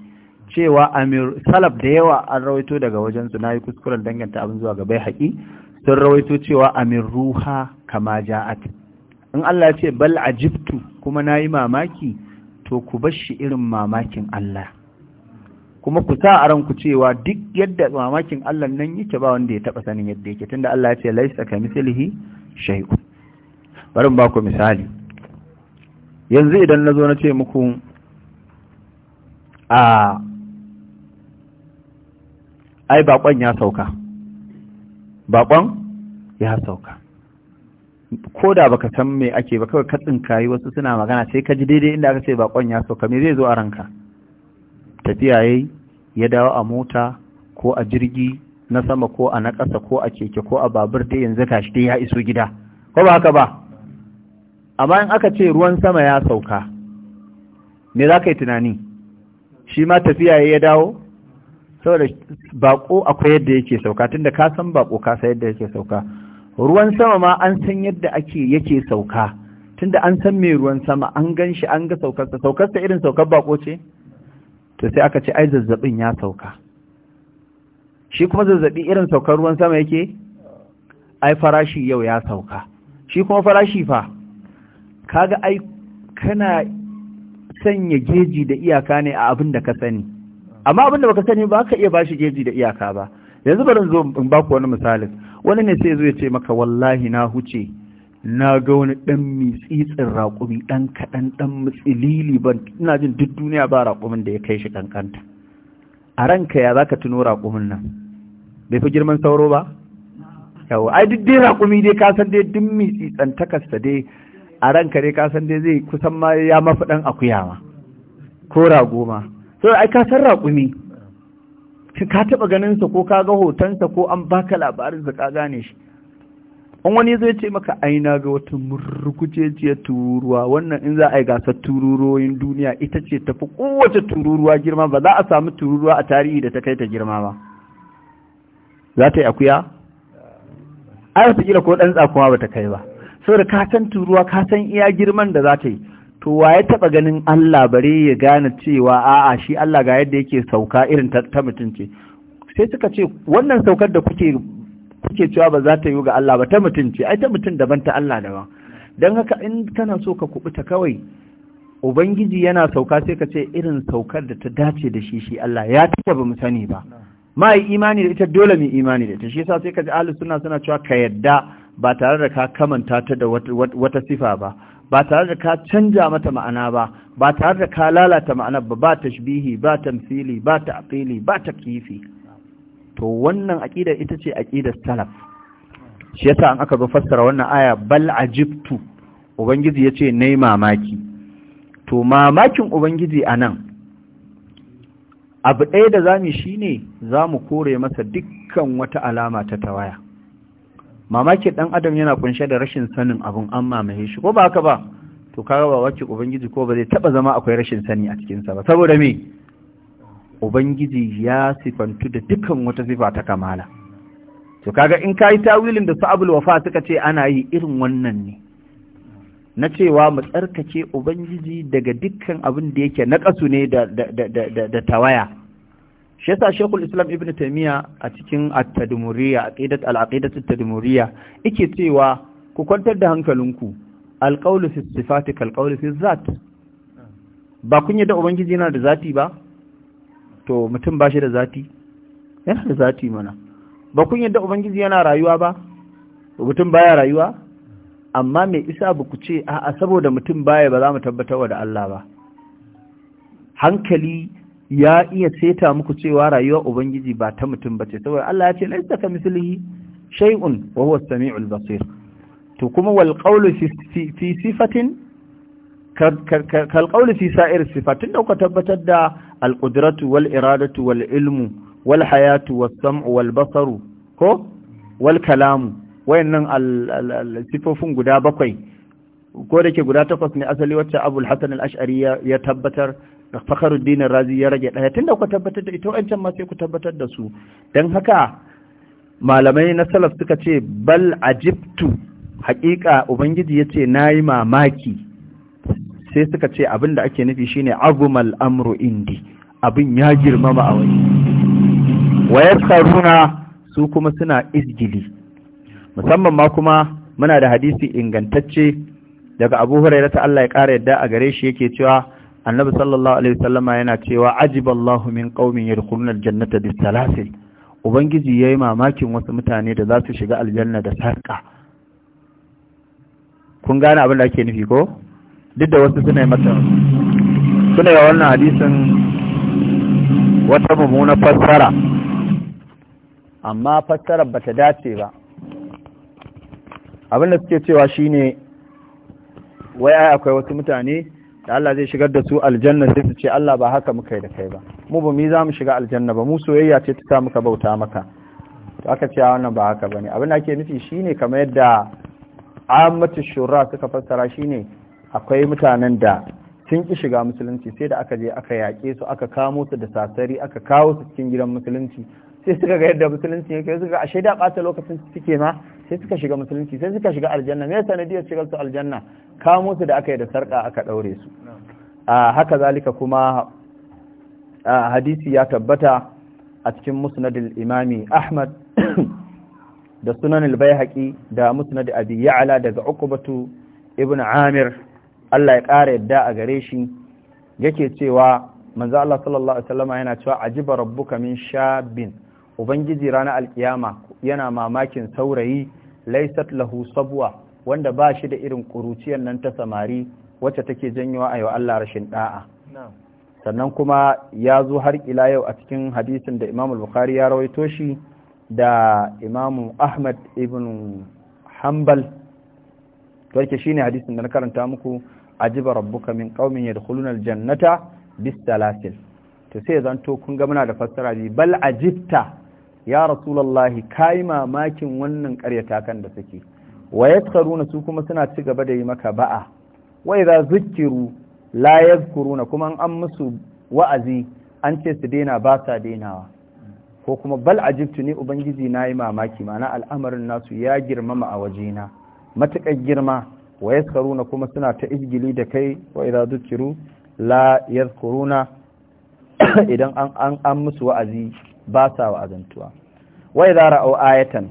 cewa amir salaf da yawa an rawaito daga wajen su nayi kuskuren danganta abin zuwa ga bayhaqi sun rawaito cewa amir ruha kama ja'at in Allah ya ce bal ajibtu kuma nayi mamaki to ku bar irin mamakin Allah kuma ku sa a ranku cewa duk yadda mamakin Allah nan yake ba wanda ya taba sanin yadda yake tunda Allah ya ce laisa kamithlihi shay'un bari ba ku misali yanzu idan na zo na ce muku a ai bakon ya sauka bakon ya sauka ko da baka san me ake ba kawai katsin kayi wasu suna magana sai ka ji daidai inda aka ce bakon ya sauka me zai zo a ranka tafiya yayi ya dawo a mota ko a jirgi na sama ko a na ƙasa ko a keke ko a babur dai yanzu kashi dai ya iso gida ko ba haka ba amma in aka ce ruwan sama ya sauka me za ka yi tunani shi ma tafiya ya dawo saboda bako akwai yadda yake sauka tunda ka san bako ka san yadda yake sauka ruwan sama ma an san yadda ake yake sauka tunda an san me ruwan sama an gan shi an ga saukarsa saukarsa irin saukar bako ce to sai aka ce ai zazzabin ya sauka shi kuma zazzabi irin saukar ruwan sama yake ai farashi yau ya sauka shi kuma farashi fa kaga ai kana sanya geji da iyaka ne a abin da ka sani amma abin da baka sani ba ka iya ba shi geji da iyaka ba yanzu bari zo in ku wani misali wani ne sai zo ya ce maka wallahi na huce na ga wani dan mitsitsin raƙumi dan kaɗan dan mutsilili ban ina jin duk duniya ba raƙumin da ya kai shi kankanta a ranka ya zaka tuno raƙumin nan bai fi girman sauro ba Yawo. ai duk dai raƙumi dai ka san dai duk mitsitsantakarsa dai a ranka dai ka san dai zai kusan ma ya mafi dan akuya ma ko rago ma so ai ka san raƙumi ka taɓa ganin sa ko ka ga hotonsa ko an baka labarin sa ka gane shi an wani zai ce maka aina ga wata murkuceciyar tururuwa wannan in za a yi gasar tururuwoyin duniya ita ce tafi kowace tururuwa girma ba za a samu tururuwa a tarihi da ta kai ta girma ba za ta yi akuya? ai wata kila ko ɗan tsakuwa ba ta kai ba saboda ka san turuwa ka san iya girman da za ta yi to wa ya taba ganin Allah bare ya gane cewa a'a shi Allah ga yadda yake sauka irin ta mutum ce sai suka ce wannan saukar da kuke kuke cewa ba za ta yi ga Allah ba ta mutum ce ai ta mutum daban ta Allah daban dan haka in kana so ka kubuta kawai ubangiji yana sauka sai ka ce irin saukar da ta dace da shi shi Allah ya taba ba mu sani ba ma imani da ita dole mu imani da ita shi yasa sai ka ji ahlus suna cewa ka yadda ba tare da ka kamanta ta da wata sifa ba ba tare da ka canja mata ma'ana ba ba tare da ka lalata ma'ana ba ba tashbihi ba tamthili ba ta'qili ba takyifi to wannan aqida ita ce aqidar salaf shi yasa an aka zo fassara wannan aya bal ajibtu ubangiji yace nayi mamaki to mamakin ubangiji a nan, abu ɗaya da zamu shine mu kore masa dukkan wata alama ta tawaya mamaki dan adam yana kunshe da rashin sanin abun an mamaye shi ko ba haka ba to kaga ba wacce ubangiji ko ba zai taba zama akwai rashin sani a cikinsa ba saboda me ubangiji ya sifantu da dukkan wata sifa ta kamala to kaga in ka yi tawilin da sa'abul wafa suka ce ana yi irin wannan ne na cewa mu tsarkake ubangiji daga dukkan abin da yake na ne da tawaya shi yasa shekul islam ibn taimiyya a cikin at-tadmuriyya aqidat al-aqidat at-tadmuriyya yake cewa ku kwantar da hankalinku alqawlu fi sifati kalqawlu fi zat ba kun yadda ubangiji yana da zati ba to mutum ba shi da zati yana da zati mana ba kun yadda ubangiji yana rayuwa ba mutum baya rayuwa amma mai isa ba ku ce a'a saboda mutum baya ba za mu tabbatar wa da Allah ba hankali ya iya seta muku cewa rayuwar ubangiji ba ta mutum bace saboda Allah ya ce laisa ka misali shay'un wa huwa as-sami'ul basir to kuma wal qawlu fi sifatin kal qawlu fi sa'ir sifatin da ku tabbatar da al qudratu wal iradatu wal ilmu wal hayatu was sam'u wal basaru ko wal kalamu wayannan al sifofin guda bakwai ko dake guda takwas ne asali wacce abul hasan al-ash'ari ya tabbatar dinar Razi ya rage tun tunda ku tabbatar da ita wancan ma sai ku tabbatar da su Don haka malamai na salaf suka ce bal a ajibtu haƙiƙa ubangiji ya ce na yi mamaki sai suka ce da ake nufi shine agumal amru indi abin ya girmama a wani wayar saruna su kuma suna izgili musamman ma kuma muna da hadisi ingantacce daga Abu Hurairah ta Allah ya ƙara yadda a gare shi yake cewa annabi sallallahu alaihi wasallama yana cewa ajiballahu min qaumin yadkhuluna aljannata bisalasil ubangiji yayi mamakin wasu mutane da za su shiga aljanna da sarka kun gane abin da ake nufi ko duk da wasu suna mata suna yi wannan hadisin wata mummunar fassara amma fassarar bata dace ba abin da suke cewa shine wai ai akwai wasu mutane da Allah zai shigar da su aljanna sai su ce Allah ba haka muka yi da kai ba mu ba mi za mu shiga aljanna ba mu soyayya ce ta muka bauta maka to aka ce wannan ba haka bane abin da ake nufi shine kamar yadda ammatu shura suka fassara shine akwai mutanen da sun ki shiga musulunci sai da aka je aka yaƙe su aka kamo su da sasari aka kawo su cikin gidan musulunci sai suka ga yadda musulunci yake suka ashe da ɓata lokacin suke ma sai suka shiga musulunci sai suka shiga aljanna me sanadiyar shiga su aljanna ka su da aka yi da sarka aka daure su a haka zalika kuma hadisi ya tabbata a cikin musnadil imami ahmad da sunan al da musnad abi ya'la daga uqbatu ibn amir Allah ya ƙara yadda a gare shi yake cewa manzo Allah sallallahu alaihi wasallam yana cewa ajiba rabbuka min shabin ubangiji ranar alkiyama yana mamakin saurayi laisat lahu sabwa wanda ba shi da irin kuruciyar nan ta samari wacce take janyowa ayo Allah rashin da'a sannan kuma ya zo har ila yau a cikin hadisin da Imam Bukhari ya rawaito shi da Imam Ahmad ibn Hanbal to shine hadisin da na karanta muku ajiba rabbuka min qaumin yadkhuluna aljannata bis salasil to sai zanto kun ga muna da fassara bi bal ajibta ya rasulallahi kayi mamakin wannan ƙaryata kan da suke wa yaskaruna su kuma suna ci gaba da yi maka ba'a wa idza zikiru la yadhkuruna kuma an musu wa'azi an ce su daina ba sa dainawa ko kuma bal ajibtu ne ubangiji nayi mamaki Mana al'amarin nasu ya girmama a wajena matukar girma wa yaskaruna kuma suna ta izgili da kai wa idza zikiru la yadhkuruna idan an an musu wa'azi ba sa azantuwa wai za ra'au ayatan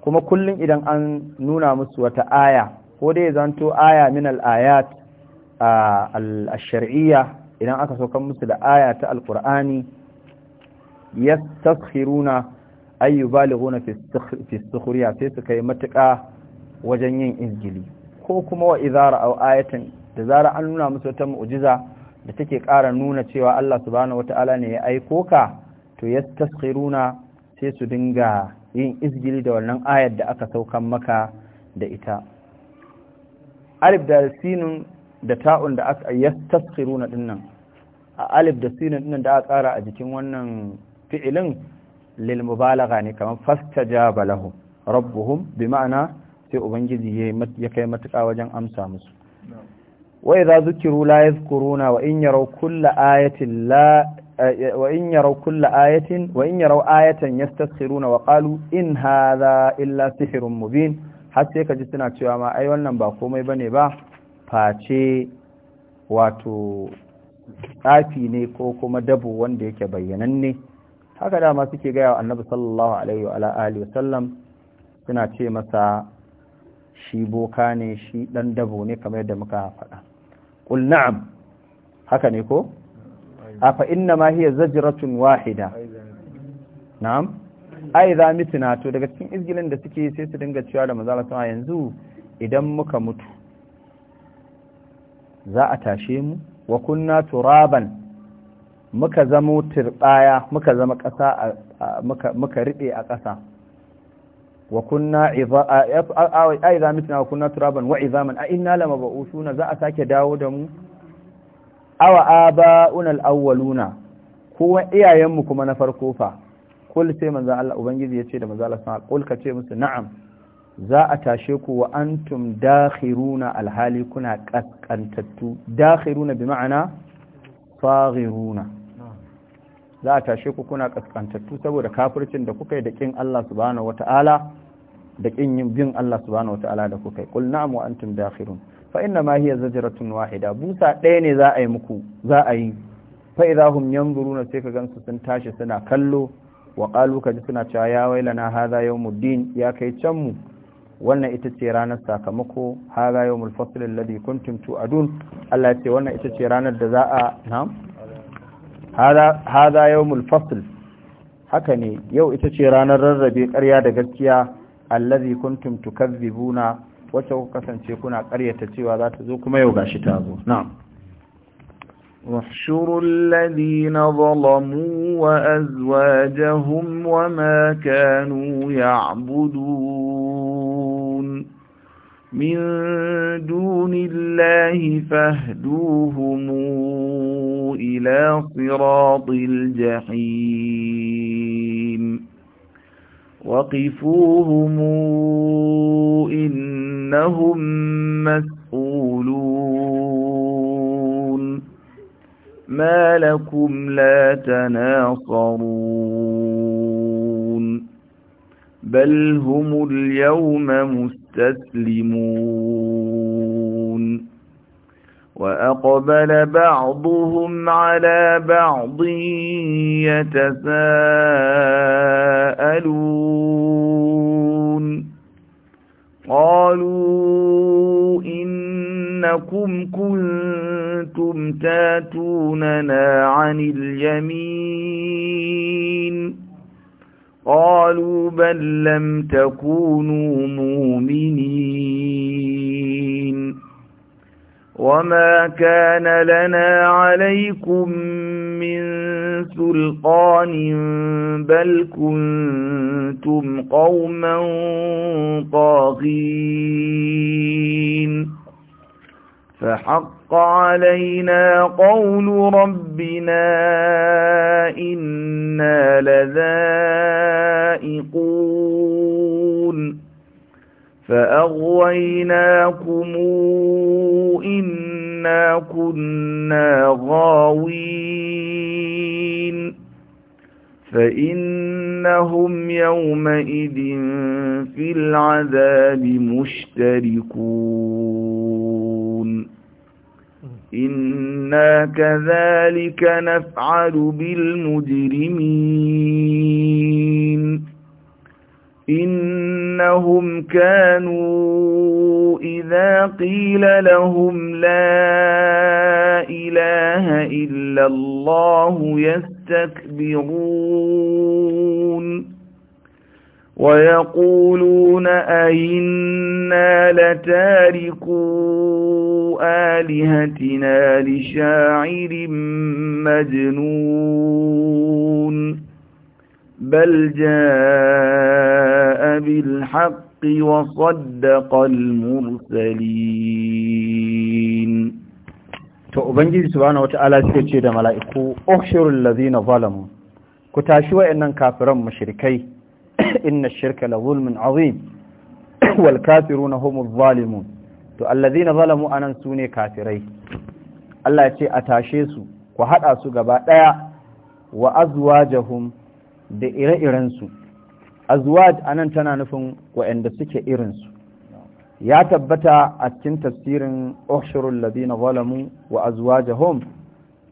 kuma kullum idan an nuna musu wata aya ko dai zanto aya min al'ayat al-shar'iyya idan aka saukan musu da aya ta alkur'ani yastakhiruna ay yubalighuna fi sukhriya sai su kai matuƙa wajen yin izgili ko kuma wa idara aw ayatan da zara an nuna musu wata mu'jiza da take ƙara nuna cewa Allah subhanahu wata'ala ne ya aiko ka to yastaskiruna sai su dinga yin izgili da wannan ayar da aka saukan maka da ita alif da sinin da ta'un da aka yastaskiruna dinnan a alif da sinin dinnan da aka kara a jikin wannan fi'ilin lil mubalagha ne kamar fastajaba lahum rabbuhum bi ma'ana sai ubangiji ya kai matuƙa wajen amsa musu wa idza zukiru la yadhkuruna wa in yaraw kulla ayatin la wa in yaraw kulla ayatin wa in yaraw ayatan yastakhiruna wa qalu in hadha illa sihrun mubin har sai kaji suna cewa ma ai wannan ba komai bane ba face wato tsafi ne ko kuma dabo wanda yake bayyananne haka dama suke gaya wa annabi sallallahu alaihi wa alihi wasallam suna ce masa shi boka ne shi dan dabo ne kamar yadda muka faɗa qul na'am haka ne ko afa inna ma hiya zajratun wahida na'am ai za mituna to daga cikin izgilin da suke sai su dinga cewa da manzala sama yanzu idan muka mutu za a tashe mu wa kunna turaban muka zama turbaya muka zama kasa muka riɓe a ƙasa wa kunna ai za mituna wa kunna turaban wa izaman a inna lama za a sake dawo da mu awa aba'una al-awwaluna ko iyayenmu kuma na farko fa kul sai manzo Allah ubangiji yace da manzo Allah sallallahu alaihi wasallam ce musu na'am za a tashe ku wa antum dakhiruna alhali kuna kaskantattu dakhiruna bi ma'ana faghiruna za a tashe ku kuna kaskantattu saboda kafircin da kuka yi da kin Allah subhanahu wataala da kin yin bin Allah subhanahu wataala da kuka yi kul na'am wa antum dakhirun fa inna ma hiya zajratun wahida busa ɗaya ne za a yi muku za a yi fa idahum yanzuruna sai ka gansu sun tashi suna kallo wa qalu kaji suna cewa ya waila wailana hadha yawmuddin ya kai can mu wannan ita ce ranar sakamako hadha yawmul fasl alladhi kuntum tu'adun Allah ce wannan ita ce ranar da za a na'am hadha hadha yawmul fasl haka ne yau ita ce ranar rarrabe ƙarya da gaskiya allazi kuntum tukazzibuna wacce kuka kasance kuna karyata cewa za ta zo kuma yau gashi ta zo na'am واحشروا الذين ظلموا وأزواجهم وما كانوا يعبدون من دون الله فاهدوهم إلى صراط الجحيم وقفوهم إنهم مسؤولون ما لكم لا تناصرون بل هم اليوم مستسلمون وأقبل بعضهم على بعض يتساءلون قالوا إنكم كنتم تاتوننا عن اليمين قالوا بل لم تكونوا مؤمنين وما كان لنا عليكم من سلطان بل كنتم قوما طاغين فحق علينا قول ربنا إنا لذائقون فأغويناكم إنا كنا غاوين فإنهم يومئذ في العذاب مشتركون إنا كذلك نفعل بالمجرمين إنهم كانوا إذا قيل لهم لا إله إلا الله يستكبرون ويقولون أئنا لتاركوا آلهتنا لشاعر مجنون بل جاء بالحق وصدق المرسلين to ubangiji subhanahu wataala suka ce da mala'iku ukhshurul ladhina zalamu ku tashi wayannan kafiran mushrikai inna ash-shirka la zulmun azim wal kafiruna humuz zalimun to alladhina zalamu anan sune kafirai Allah ya ce a tashe su ku hada su gaba daya wa azwajahum da ire-irensu a nan tana nufin waɗanda suke irinsu ya tabbata a cikin tafsirin ohshurul ladina zalamu wa azwajahum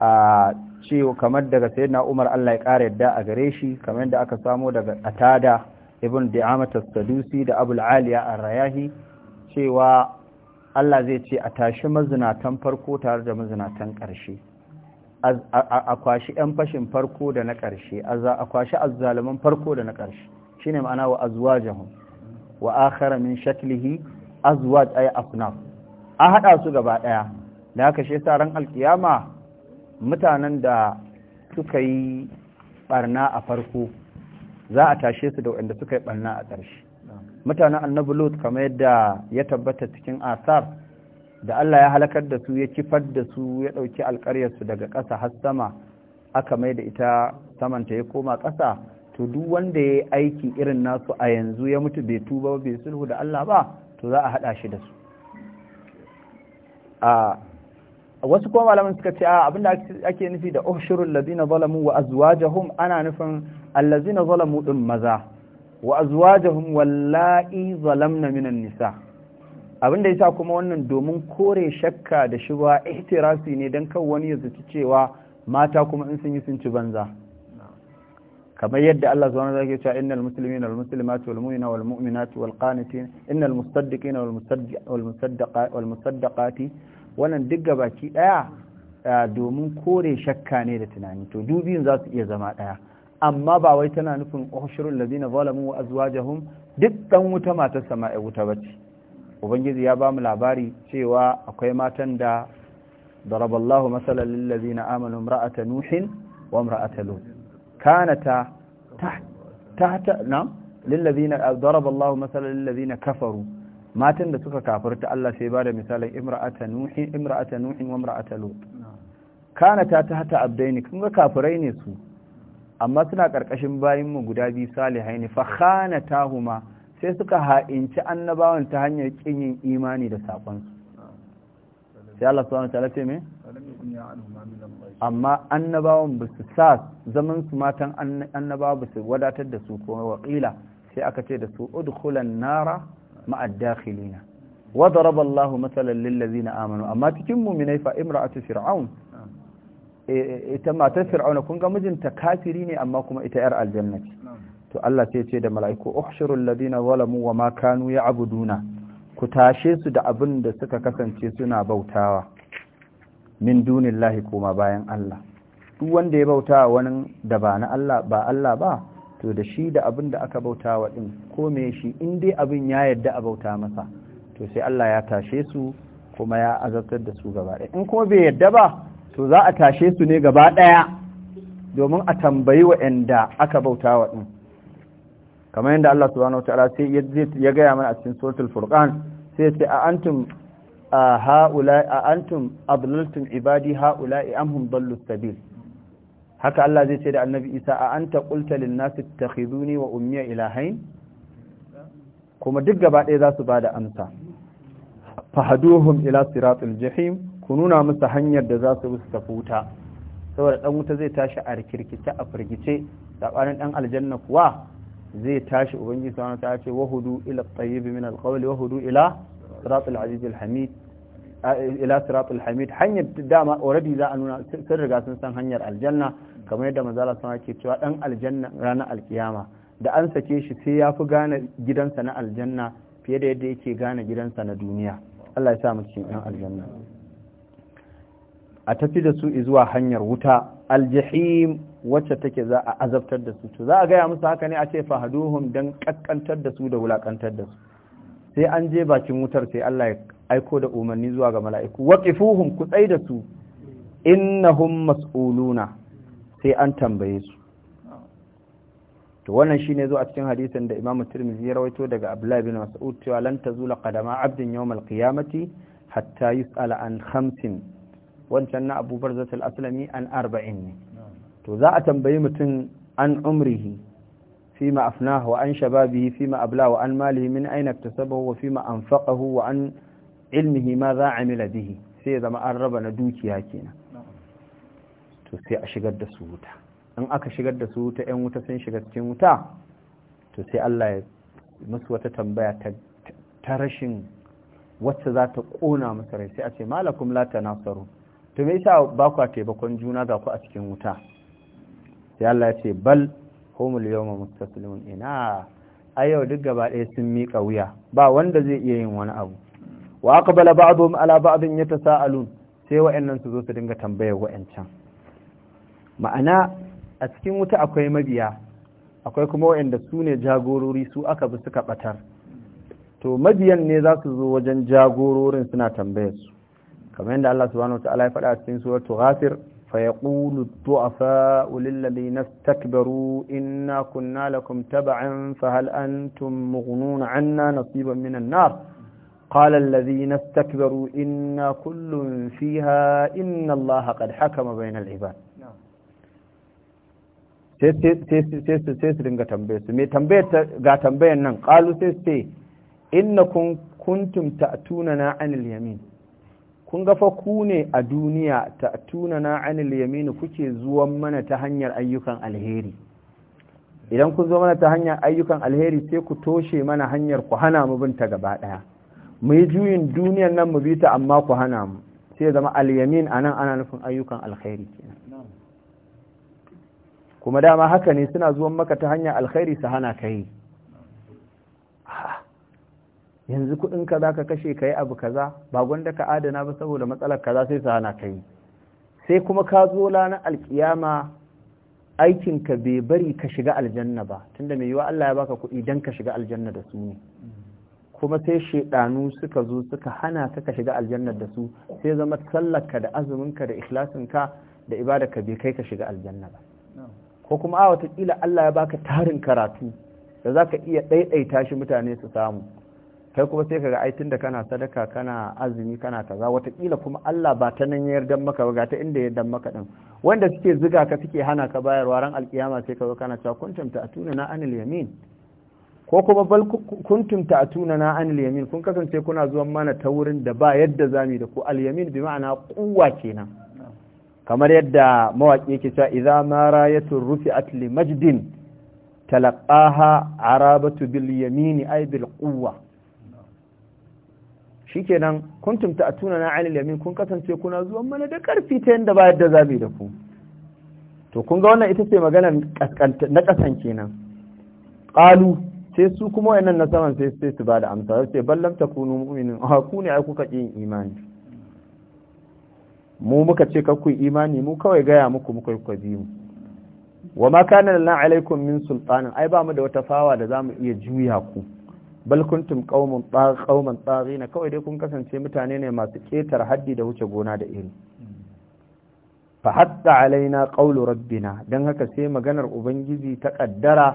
a cewa kamar daga sayyidina Umar Allah ya ƙara yadda a gare shi kamar yadda aka samo daga Atada ibn Di'amat sadusi da Abul'aliya aliya a rayahi cewa Allah zai ce a tashi mazinatan farko tare da mazinatan ƙarshe a kwashi 'yan fashin farko da na ƙarshe a kwashi azzaliman farko da na ƙarshe shi ne ma'ana wa azwajahum wa akhara min shaklihi azwaj ay afnaf a haɗa su gaba ɗaya da haka shi yasa ran alkiyama mutanen da suka yi barna a farko za a tashe su da waɗanda suka yi barna a ƙarshe mutanen annabi lut kamar yadda ya tabbata cikin asar da Allah ya halakar da su ya kifar da su ya ɗauki alƙaryarsu daga ƙasa har sama aka mai da ita samanta ya koma ƙasa to duk wanda ya aiki irin nasu a yanzu ya mutu bai tuba bai sulhu da Allah ba to za a haɗa shi da su a wasu kuma malaman suka ce a abinda ake nufi da ushurul ladina zalamu wa azwajahum ana nufin allazina zalamu din maza wa azwajahum wallahi zalamna minan nisa' abin da yasa kuma wannan domin kore shakka da shubha ihtirasi ne dan kan wani ya zaci cewa mata kuma in sun yi sun ci banza kamar yadda Allah subhanahu wa ta'ala yake cewa innal muslimina wal muslimati wal mu'minina wal mu'minati wal qanitin innal musaddiqina wal musaddiqati wal musaddaqati wannan duk gabaki daya domin kore shakka ne da tunani to dubiyin za su iya zama daya amma ba wai tana nufin ushurul ladina zalamu wa azwajahum duk dan wuta matar sama'i wuta bace ubangiji ya ba mu labari cewa akwai matan da daraballahu masalan lil ladina nuhin wa kanata na lil ladina daraballahu masalan kafaru matan da suka kafarta Allah sai ba da misalin imra'ata nuhin wa imra'ata lut kanata tahta abdaini kun ga kafirai ne su amma suna karkashin bayanmu mu guda biyu salihai ne fa huma. sai suka ha'inci annabawan ta hanyar kin yin imani da su. sai Allah subhanahu wataala ce me amma annabawan ba su sa zaman su matan annabawa ba su wadatar da su ko waqila sai aka ce da su udkhulan nara ma'ad dakhilina wa daraba Allah matalan lil ladina amanu amma cikin mu'minai fa imra'atu fir'aun e, e, ita matar fir'auna kun ga mijinta kafiri ne amma kuma ita yar aljannati to Allah sai ce da mala'iku uhshirul ladina zalamu wa ma kanu ya'buduna ku tashe su da abin da suka kasance suna bautawa min dunillahi kuma bayan Allah duk wanda ya bautawa wani da ba na Allah ba Allah ba to da shi da abin da aka bautawa din ko me shi in dai abin ya yarda a bauta masa to sai Allah ya tashe su kuma ya azabtar da su gaba ɗaya in kuma bai yarda ba to za a tashe su ne gaba ɗaya domin a tambayi wa'anda aka bautawa din kamar yadda Allah subhanahu wataala sai ya gaya mana a cikin suratul furqan sai ce a antum haula a antum adlaltum ibadi haula amhum dallu sabil haka Allah zai ce da annabi Isa a anta qulta lin nasi ittakhiduni wa ummi ilahain kuma duk gaba ɗaya za su bada amsa fahaduhum ila siratul jahim ku nuna musu hanyar da za su su tafi wuta saboda dan wuta zai tashi a rikirkice a firgice tsakanin dan aljanna kuwa zai tashi ubangiji subhanahu ta'ala ce wahudu ila tayyib min wahudu ila sirat hamid ila sirat hamid hanyar dama already za a nuna sun riga sun san hanyar aljanna kamar yadda manzala sun ke cewa dan aljanna ranar alkiyama da an sake shi sai ya fi gane gidansa na aljanna fiye da yadda yake gane gidansa na duniya Allah ya sa mu cikin aljanna a tafi da su zuwa hanyar wuta aljihim wacce take za a azabtar da su to za a gaya musu haka ne a ce fahaduhum dan ƙaƙƙantar da su da wulakantar da su sai an je bakin wutar sai Allah ya aiko da umarni zuwa ga mala'iku waqifuhum ku tsai da su innahum mas'uluna sai an tambaye su to wannan shine zo a cikin hadisin da Imam Tirmidhi ya rawaito daga Abdullah bin Mas'ud cewa lan tazula qadama 'abdin yawm al-qiyamati hatta yus'ala an khamsin wancan na Abu Barzat al-Aslami an arba'in ne to za a tambayi mutum an umrihi fi fi wa an malihi min aina tasabahu wa fi وعن ماله من an اكتسبه ma za وعن bihi sai ya zama an raba na dukiya kenan. to sai a shigar da su wuta in aka shigar da su wuta 'yan wuta sun shiga cikin wuta to sai Allah ya musu wata tambaya ta rashin wacce za ta ƙona musu rai sai a ce malakum la tanasaru to me yasa ba ku taimakon juna ga ku a cikin wuta sai Allah ya ce bal humul yawma mustaslimun ina a yau duk gaba ɗaya sun miƙa wuya ba wanda zai iya yin wani abu wa aqbala ba'dhum ala ba'dhin yatasaalun sai wa'annan su zo su dinga tambayar wa'ancan ma'ana a cikin wuta akwai mabiya akwai kuma wa'anda su ne jagorori su aka bi suka batar to mabiyan ne za su zo wajen jagororin suna tambayar su كما عند الله سبحانه وتعالى فلا سورة غافر فيقول الضعفاء للذين استكبروا إنا كنا لكم تبعا فهل أنتم مغنون عنا نصيبا من النار قال الذين استكبروا إنا كل فيها إن الله قد حكم بين العباد نعم. قالوا إنكم كنتم تأتوننا عن اليمين kun ga fa ku ne a duniya ta tuna na anil yamini kuke zuwa mana ta hanyar ayyukan alheri idan kun zo mana ta hanyar ayyukan alheri sai ku toshe mana hanyar ku hana mu binta gaba daya mu yi juyin duniyar nan mu bi ta amma ku hana mu sai zama alyamin anan ana nufin ayyukan alheri kenan kuma dama haka ne suna zuwan maka ta hanyar alheri su hana kai yanzu kuɗin ka za ka kashe ka yi abu kaza ba gwanda ka adana ba saboda matsalar kaza sai su hana ka yi sai kuma ka zo ranar alkiyama ka bai bari ka shiga aljanna ba tunda mai yiwa Allah ya baka kuɗi dan ka shiga aljanna da su ne kuma sai shaidanu suka zo suka hana ka ka shiga aljanna da su sai zama sallarka da azumin ka da ka da ibada ka bai kai ka shiga aljanna ba ko kuma a watakila Allah ya baka tarin karatu da za ka iya ɗaiɗaita shi mutane su samu kai kuma sai ka ga ai da kana sadaka kana azumi kana kaza watakila kuma Allah ba ta nan dan maka ba ga ta inda yardan maka din wanda suke ziga ka suke hana ka bayarwa ran alkiyama sai zo kana cewa kuntum ta'tuna na anil yamin ko kuma bal kuntum ta'tuna na anil yamin kun kasance kuna zuwan mana ta wurin da ba yadda zamu da ku al yamin bi ma'ana kuwa kenan kamar yadda mawaki yake cewa idza ma rayatu rufi'at li majdin talaqaha arabatu bil yamin ay bil quwwa shikenan kuntum tuna na anil yamin kun kasance kuna zuwa mana da karfi ta yanda bayar da zabi da ku to kun ga wannan ita ce magana na kasan kenan qalu sai su kuma wayannan na saman sai sai su bada amsa sai ballam takunu mu'minin a ah, ku ne ai kuka yin imani mu muka ce ka ku imani mu kawai gaya muku muka ku kwabi mu wa ma kana lana alaikum min sultanin ai ba mu da wata fawa da zamu iya juya ku bal kuntum qauman qauman kawai dai kun kasance mutane ne masu ketar haddi da wuce gona da iri fa hatta alaina qaulu rabbina dan haka sai maganar ubangiji ta kaddara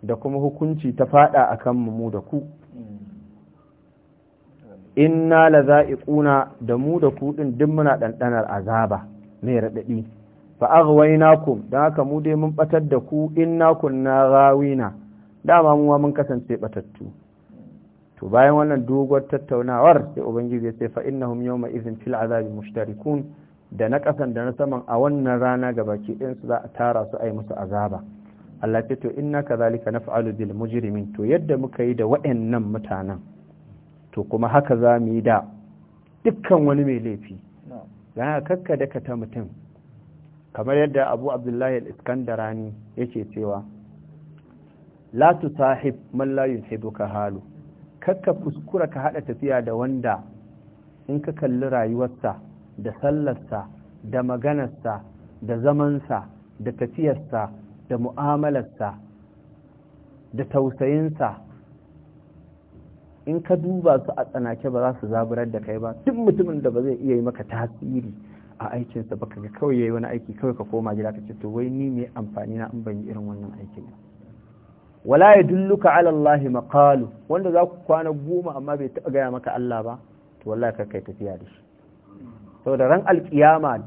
da kuma hukunci ta fada akan mu da ku inna laza'iquna da mu da ku din duk muna dandanar azaba mai radadi fa aghwaynakum dan haka mu dai mun batar da ku inna kunna gawina dama mu mun kasance batattu to bayan wannan doguwar tattaunawar sai ubangiji ya ce fa innahum yawma idhin fil azabi mushtarikun da na kasan da na saman a wannan rana gabaki ɗin su za a tara su ai musu azaba Allah ce to inna kadhalika naf'alu bil mujrimin to yadda muka yi da waɗannan mutanen to kuma haka za mu yi da dukkan wani mai laifi yana kakka daka ta mutum kamar yadda abu abdullahi al-iskandarani yake cewa la tusahib man la yuhibuka halu kakka kuskura ka haɗa tafiya da wanda in ka kalli rayuwarsa da sallarsa da maganarsa da zamansa da tafiyarsa da mu'amalarsa da tausayinsa in ka duba su a tsanake ba za su zaburar da kai ba duk mutumin da ba zai iya yi maka tasiri a aikinsa ba ka kawai kawai yayi wani aiki kawai ka koma gida ka ce to wai ni me amfani na in ban yi irin wannan aikin ba wala ya dulluka ala Allah maqalu wanda za ku kwana goma amma bai taɓa gaya maka Allah ba to wallahi kar kai tafiya da shi saboda ran alkiyama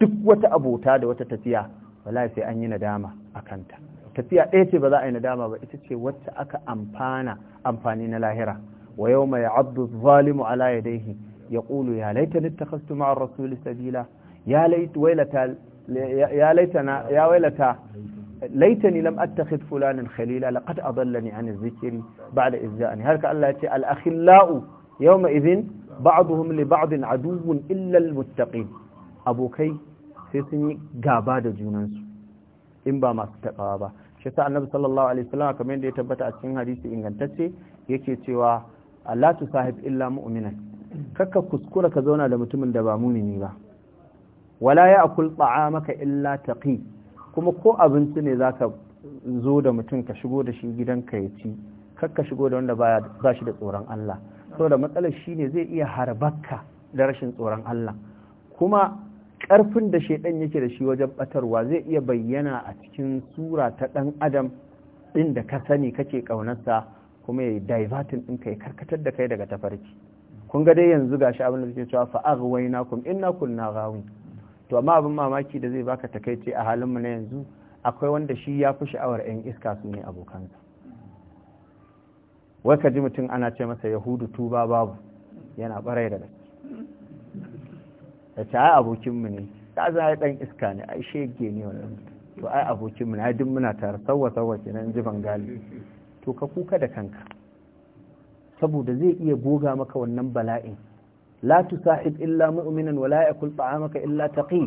duk wata abota da wata tafiya wallahi sai an yi nadama a kanta tafiya ɗaya ce ba za a yi nadama ba ita ce wacce aka amfana amfani na lahira wa yawma ya'addu adh ala yadayhi yaqulu ya laitani ittakhadhtu ma'a rasuli sabila ya lait ya ya wailata laitani lam attakhid fulanan khalila laqad adallani an zikiri ba'da izza'ani harka Allah ya ce al akhillau yawma idhin ba'dhum li ba'din aduwwun illa al muttaqin abokai sai sun yi gaba da junansu in ba masu takawa ba shi sa annabi sallallahu alaihi wasallam kamar yadda ya tabbata a cikin hadisi ingantacce yake cewa la tusahib illa mu'minan kakka kuskura ka zauna da mutumin da ba mumini ba wala ya'kul ta'amaka illa taqi kuma ko abinci ne za ka zo da mutum ka shigo da shi gidanka ya ci kakka shigo da wanda ba shi da tsoron Allah saboda matsalar shi ne zai iya harbakka da rashin tsoron Allah kuma ƙarfin da shaidan yake da shi wajen batarwa zai iya bayyana a cikin sura ta ɗan adam ɗin da ka sani kake ƙaunarsa kuma ya divertin ɗinka ya karkatar da kai daga tafarki kun ga dai yanzu gashi abin da suke cewa in inna kunna gawun. to amma abin mamaki da zai baka takaice a halinmu na yanzu akwai wanda shi ya fi sha'awar 'yan iska su ne abokansa wai ka ji mutum ana ce masa yahudu tuba babu yana barai da gaske da ta ai abokinmu ne ta za a ɗan iska ne ai shege ne wannan to ai abokinmu ne ai duk muna tare sauwa sauwa kenan ji bangali to ka kuka da kanka saboda zai iya goga maka wannan bala'in la tusahib illa mu'minan wa la yakul ta'amaka illa taqi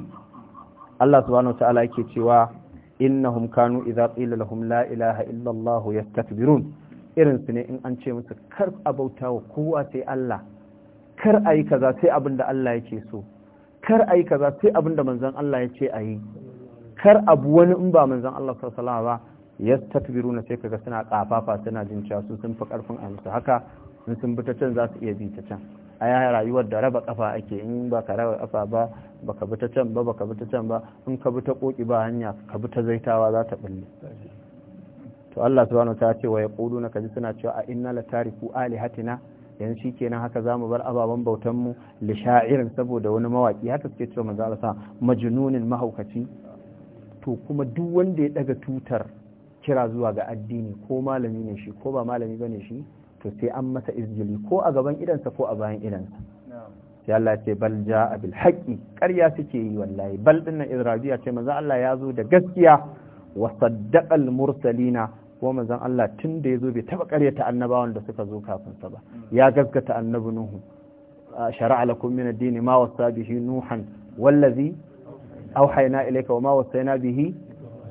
Allah subhanahu wa ta'ala yake cewa innahum kanu idza qila lahum la ilaha illa Allah yastakbirun irin su ne in an ce musu kar abauta wa kowa sai Allah kar ayi kaza sai da Allah yake so kar ayi kaza sai da manzon Allah yace ayi kar abu wani in ba manzon Allah sallallahu alaihi wasallam ba yastakbiruna sai kaga suna kafafa suna jin cewa su sun fi karfin amsa haka in sun bi ta can za su iya bi ta can a ya rayuwar da raba kafa ake in ba ka raba kafa ba ba ka bi ta can ba ba ka bi ta can ba in ka bi ta koki ba hanya ka bi ta zaitawa za ta bulle to Allah subhanahu ta ce wa ya yaquluna kaji suna cewa a inna la tariku alihatina yanzu shikenan haka zamu bar ababan bautan mu li sha'irin saboda wani mawaki haka suke cewa manzo Allah sa majnunin mahaukaci to kuma duk wanda ya daga tutar kira zuwa ga addini ko malami ne shi ko ba malami bane shi to sai an masa izjili ko a gaban idansa ko a bayan idansa sai Allah ce bal ja'a bil haqqi ƙarya suke yi wallahi bal dinnan ya ce maza Allah ya zo da gaskiya wa saddaqa mursalina ko manzon Allah tun da ya zo bai taba ƙaryata annabawan da suka zo kafin sa ba hmm. ya gaskata annabi nuhu shara'a lakum min ad-din ma wasa bihi nuhan wallazi awhayna ilayka wa ma wasayna bihi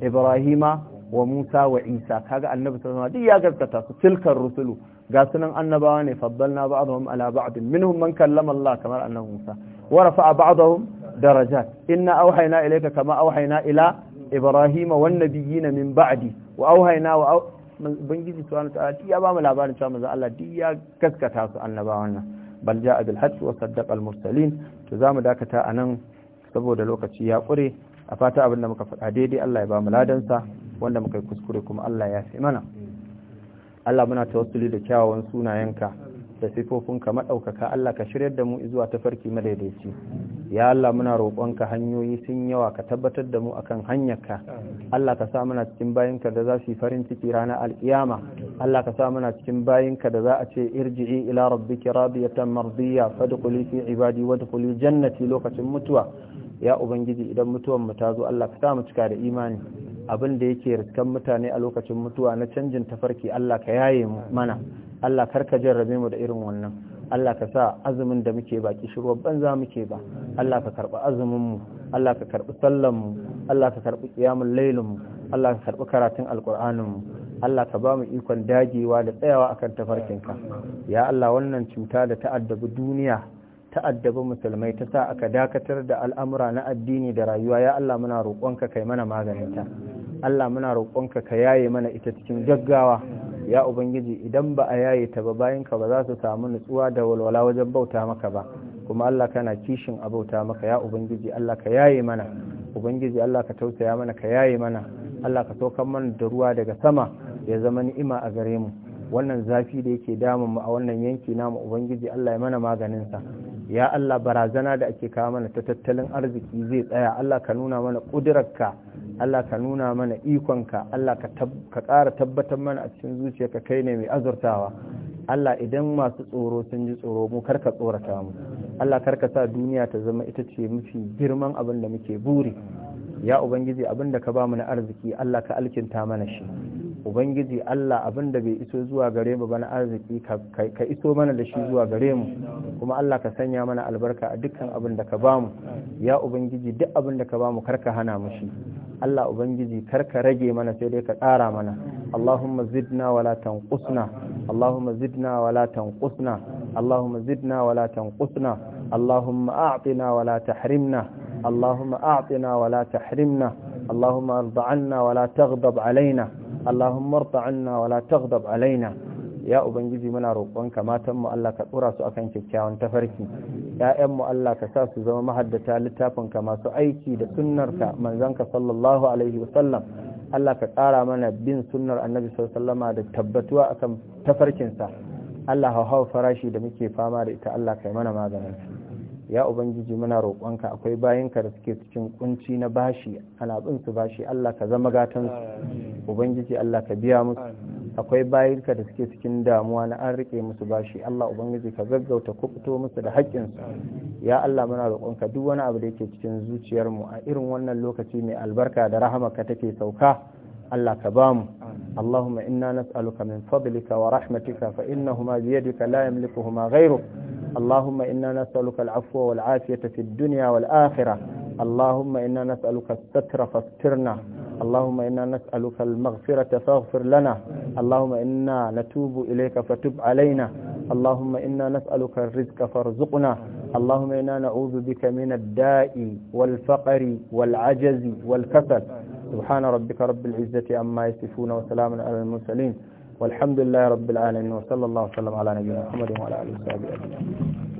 ibrahima wa musa wa isa kaga annabi sallallahu alaihi wasallam duk ya gaskata su tilkar rusulu ga sunan annabawa ne faddalna ba'dhum ala ba'd minhum man kallama Allah kamar annabi Musa wa rafa'a ba'dhum darajat inna awhayna ilayka kama awhayna ila ibrahima wan nabiyina min ba'di wa awhayna wa bangiji subhanahu wa ta'ala ya ba mu labarin cewa manzo Allah duk ya gaskata su annabawan nan bal ja'a bil haqq wa saddaqa al mursalin to zamu dakata anan saboda lokaci ya kure a fata abin da muka faɗa daidai Allah ya ba mu ladansa wanda muka yi kuskure kuma Allah ya fi mana Allah muna tawassuli da kyawawan sunayenka da sifofinka maɗaukaka Allah ka shiryar da mu zuwa tafarki madaidaici ya Allah muna roƙonka hanyoyi sun yawa ka tabbatar da mu akan hanyarka Allah ka sa muna cikin bayinka da za su yi farin ciki ranar alkiyama Allah ka sa muna cikin bayinka da za a ce irji'i ila rabbiki radiyatan mardiya fadkhuli fi ibadi wadkhuli jannati lokacin mutuwa ya ubangiji idan mutuwan mu ta zo Allah ka sa mu cika da imani abin da yake riskan mutane a lokacin mutuwa na canjin tafarki Allah ka yaye mana Allah karka jarrabe mu da irin wannan Allah ka sa azumin da muke baki ruwan banza muke ba Allah ka karba azumin mu Allah ka karbi sallan mu Allah ka karbi qiyamul lailin mu Allah ka karbi karatun alqur'anin mu Allah ka ba mu ikon dagewa da tsayawa akan tafarkinka ya Allah wannan cuta da ta'addabi duniya ta'addaba musulmai ta sa aka dakatar da al'amura na addini da rayuwa ya Allah muna roƙonka kai mana maganin ta Allah muna roƙonka ka yaye mana ita cikin gaggawa ya ubangiji idan ba a yaye ta ba bayan ka ba za su samu nutsuwa da walwala wajen bauta maka ba kuma Allah kana kishin a bauta maka ya ubangiji Allah ka yaye mana ubangiji Allah ka tausaya mana ka yaye mana Allah ka saukar mana da ruwa daga sama ya zama ni'ima a gare mu wannan zafi da yake damun mu a wannan yanki namu ubangiji Allah ya mana maganinsa ya Allah barazana da ake kawo mana ta tattalin arziki zai tsaya Allah ka nuna mana ƙudurarka Allah ka nuna mana ikonka Allah ka ƙara tabbatar mana a cikin ka kai ne mai azurtawa Allah idan masu tsoro sun ji tsoro mu karka tsorata mu Allah karka sa duniya ta zama ita ce mafi girman abin da muke buri ya ubangiji abin da ka ba mu na arziki Allah ka alkinta mana shi ubangiji Allah abin da bai iso zuwa gare mu bana arziki ka iso mana da shi zuwa gare mu kuma Allah ka sanya mana albarka a dukkan abin da ka bamu ya ubangiji duk abin da ka bamu kar ka hana mu shi Allah ubangiji kar ka rage mana sai dai ka ƙara mana Allahumma zidna wala tanqusna Allahumma zidna wala tanqusna Allahumma zidna wala tanqusna Allahumma a'tina wala tahrimna Allahumma a'tina wala tahrimna Allahumma arda wala taghdab alaina Allahumma arda anna wa la taghdab alaina ya ubangiji muna roƙonka matan mu Allah ka tsora su akan kyakkyawan tafarki ƴaƴan mu Allah ka sa su zama mahaddata littafinka masu aiki da sunnarka manzanka sallallahu alaihi wa sallam Allah ka ƙara mana bin sunnar annabi sallallahu da tabbatuwa akan tafarkinsa Allah hauhau farashi da muke fama da ita Allah kai mana maganin ya ubangiji muna roƙonka akwai bayinka da suke cikin kunci na bashi ana bin su bashi Allah ka zama gatan su ubangiji Allah ka biya musu akwai bayinka da suke cikin damuwa na an rike musu bashi Allah ubangiji ka gaggauta kubuto musu da haƙƙin su ya Allah muna roƙonka duk wani abu da yake cikin zuciyar mu a irin wannan lokaci mai albarka da rahama ka take sauka Allah ka bamu اللهم إنا نسألك من فضلك ورحمتك فإنهما بيدك لا يملكهما غيرك اللهم إنا نسألك العفو والعافية في الدنيا والآخرة اللهم إنا نسألك الستر فاسترنا اللهم إنا نسألك المغفرة فاغفر لنا اللهم إنا نتوب إليك فتب علينا اللهم إنا نسألك الرزق فارزقنا اللهم إنا نعوذ بك من الداء والفقر والعجز والكسل سبحان ربك رب العزة عما يصفون وسلام على المرسلين والحمد لله رب العالمين وصلى الله وسلم على نبينا محمد وعلى اله وصحبه اجمعين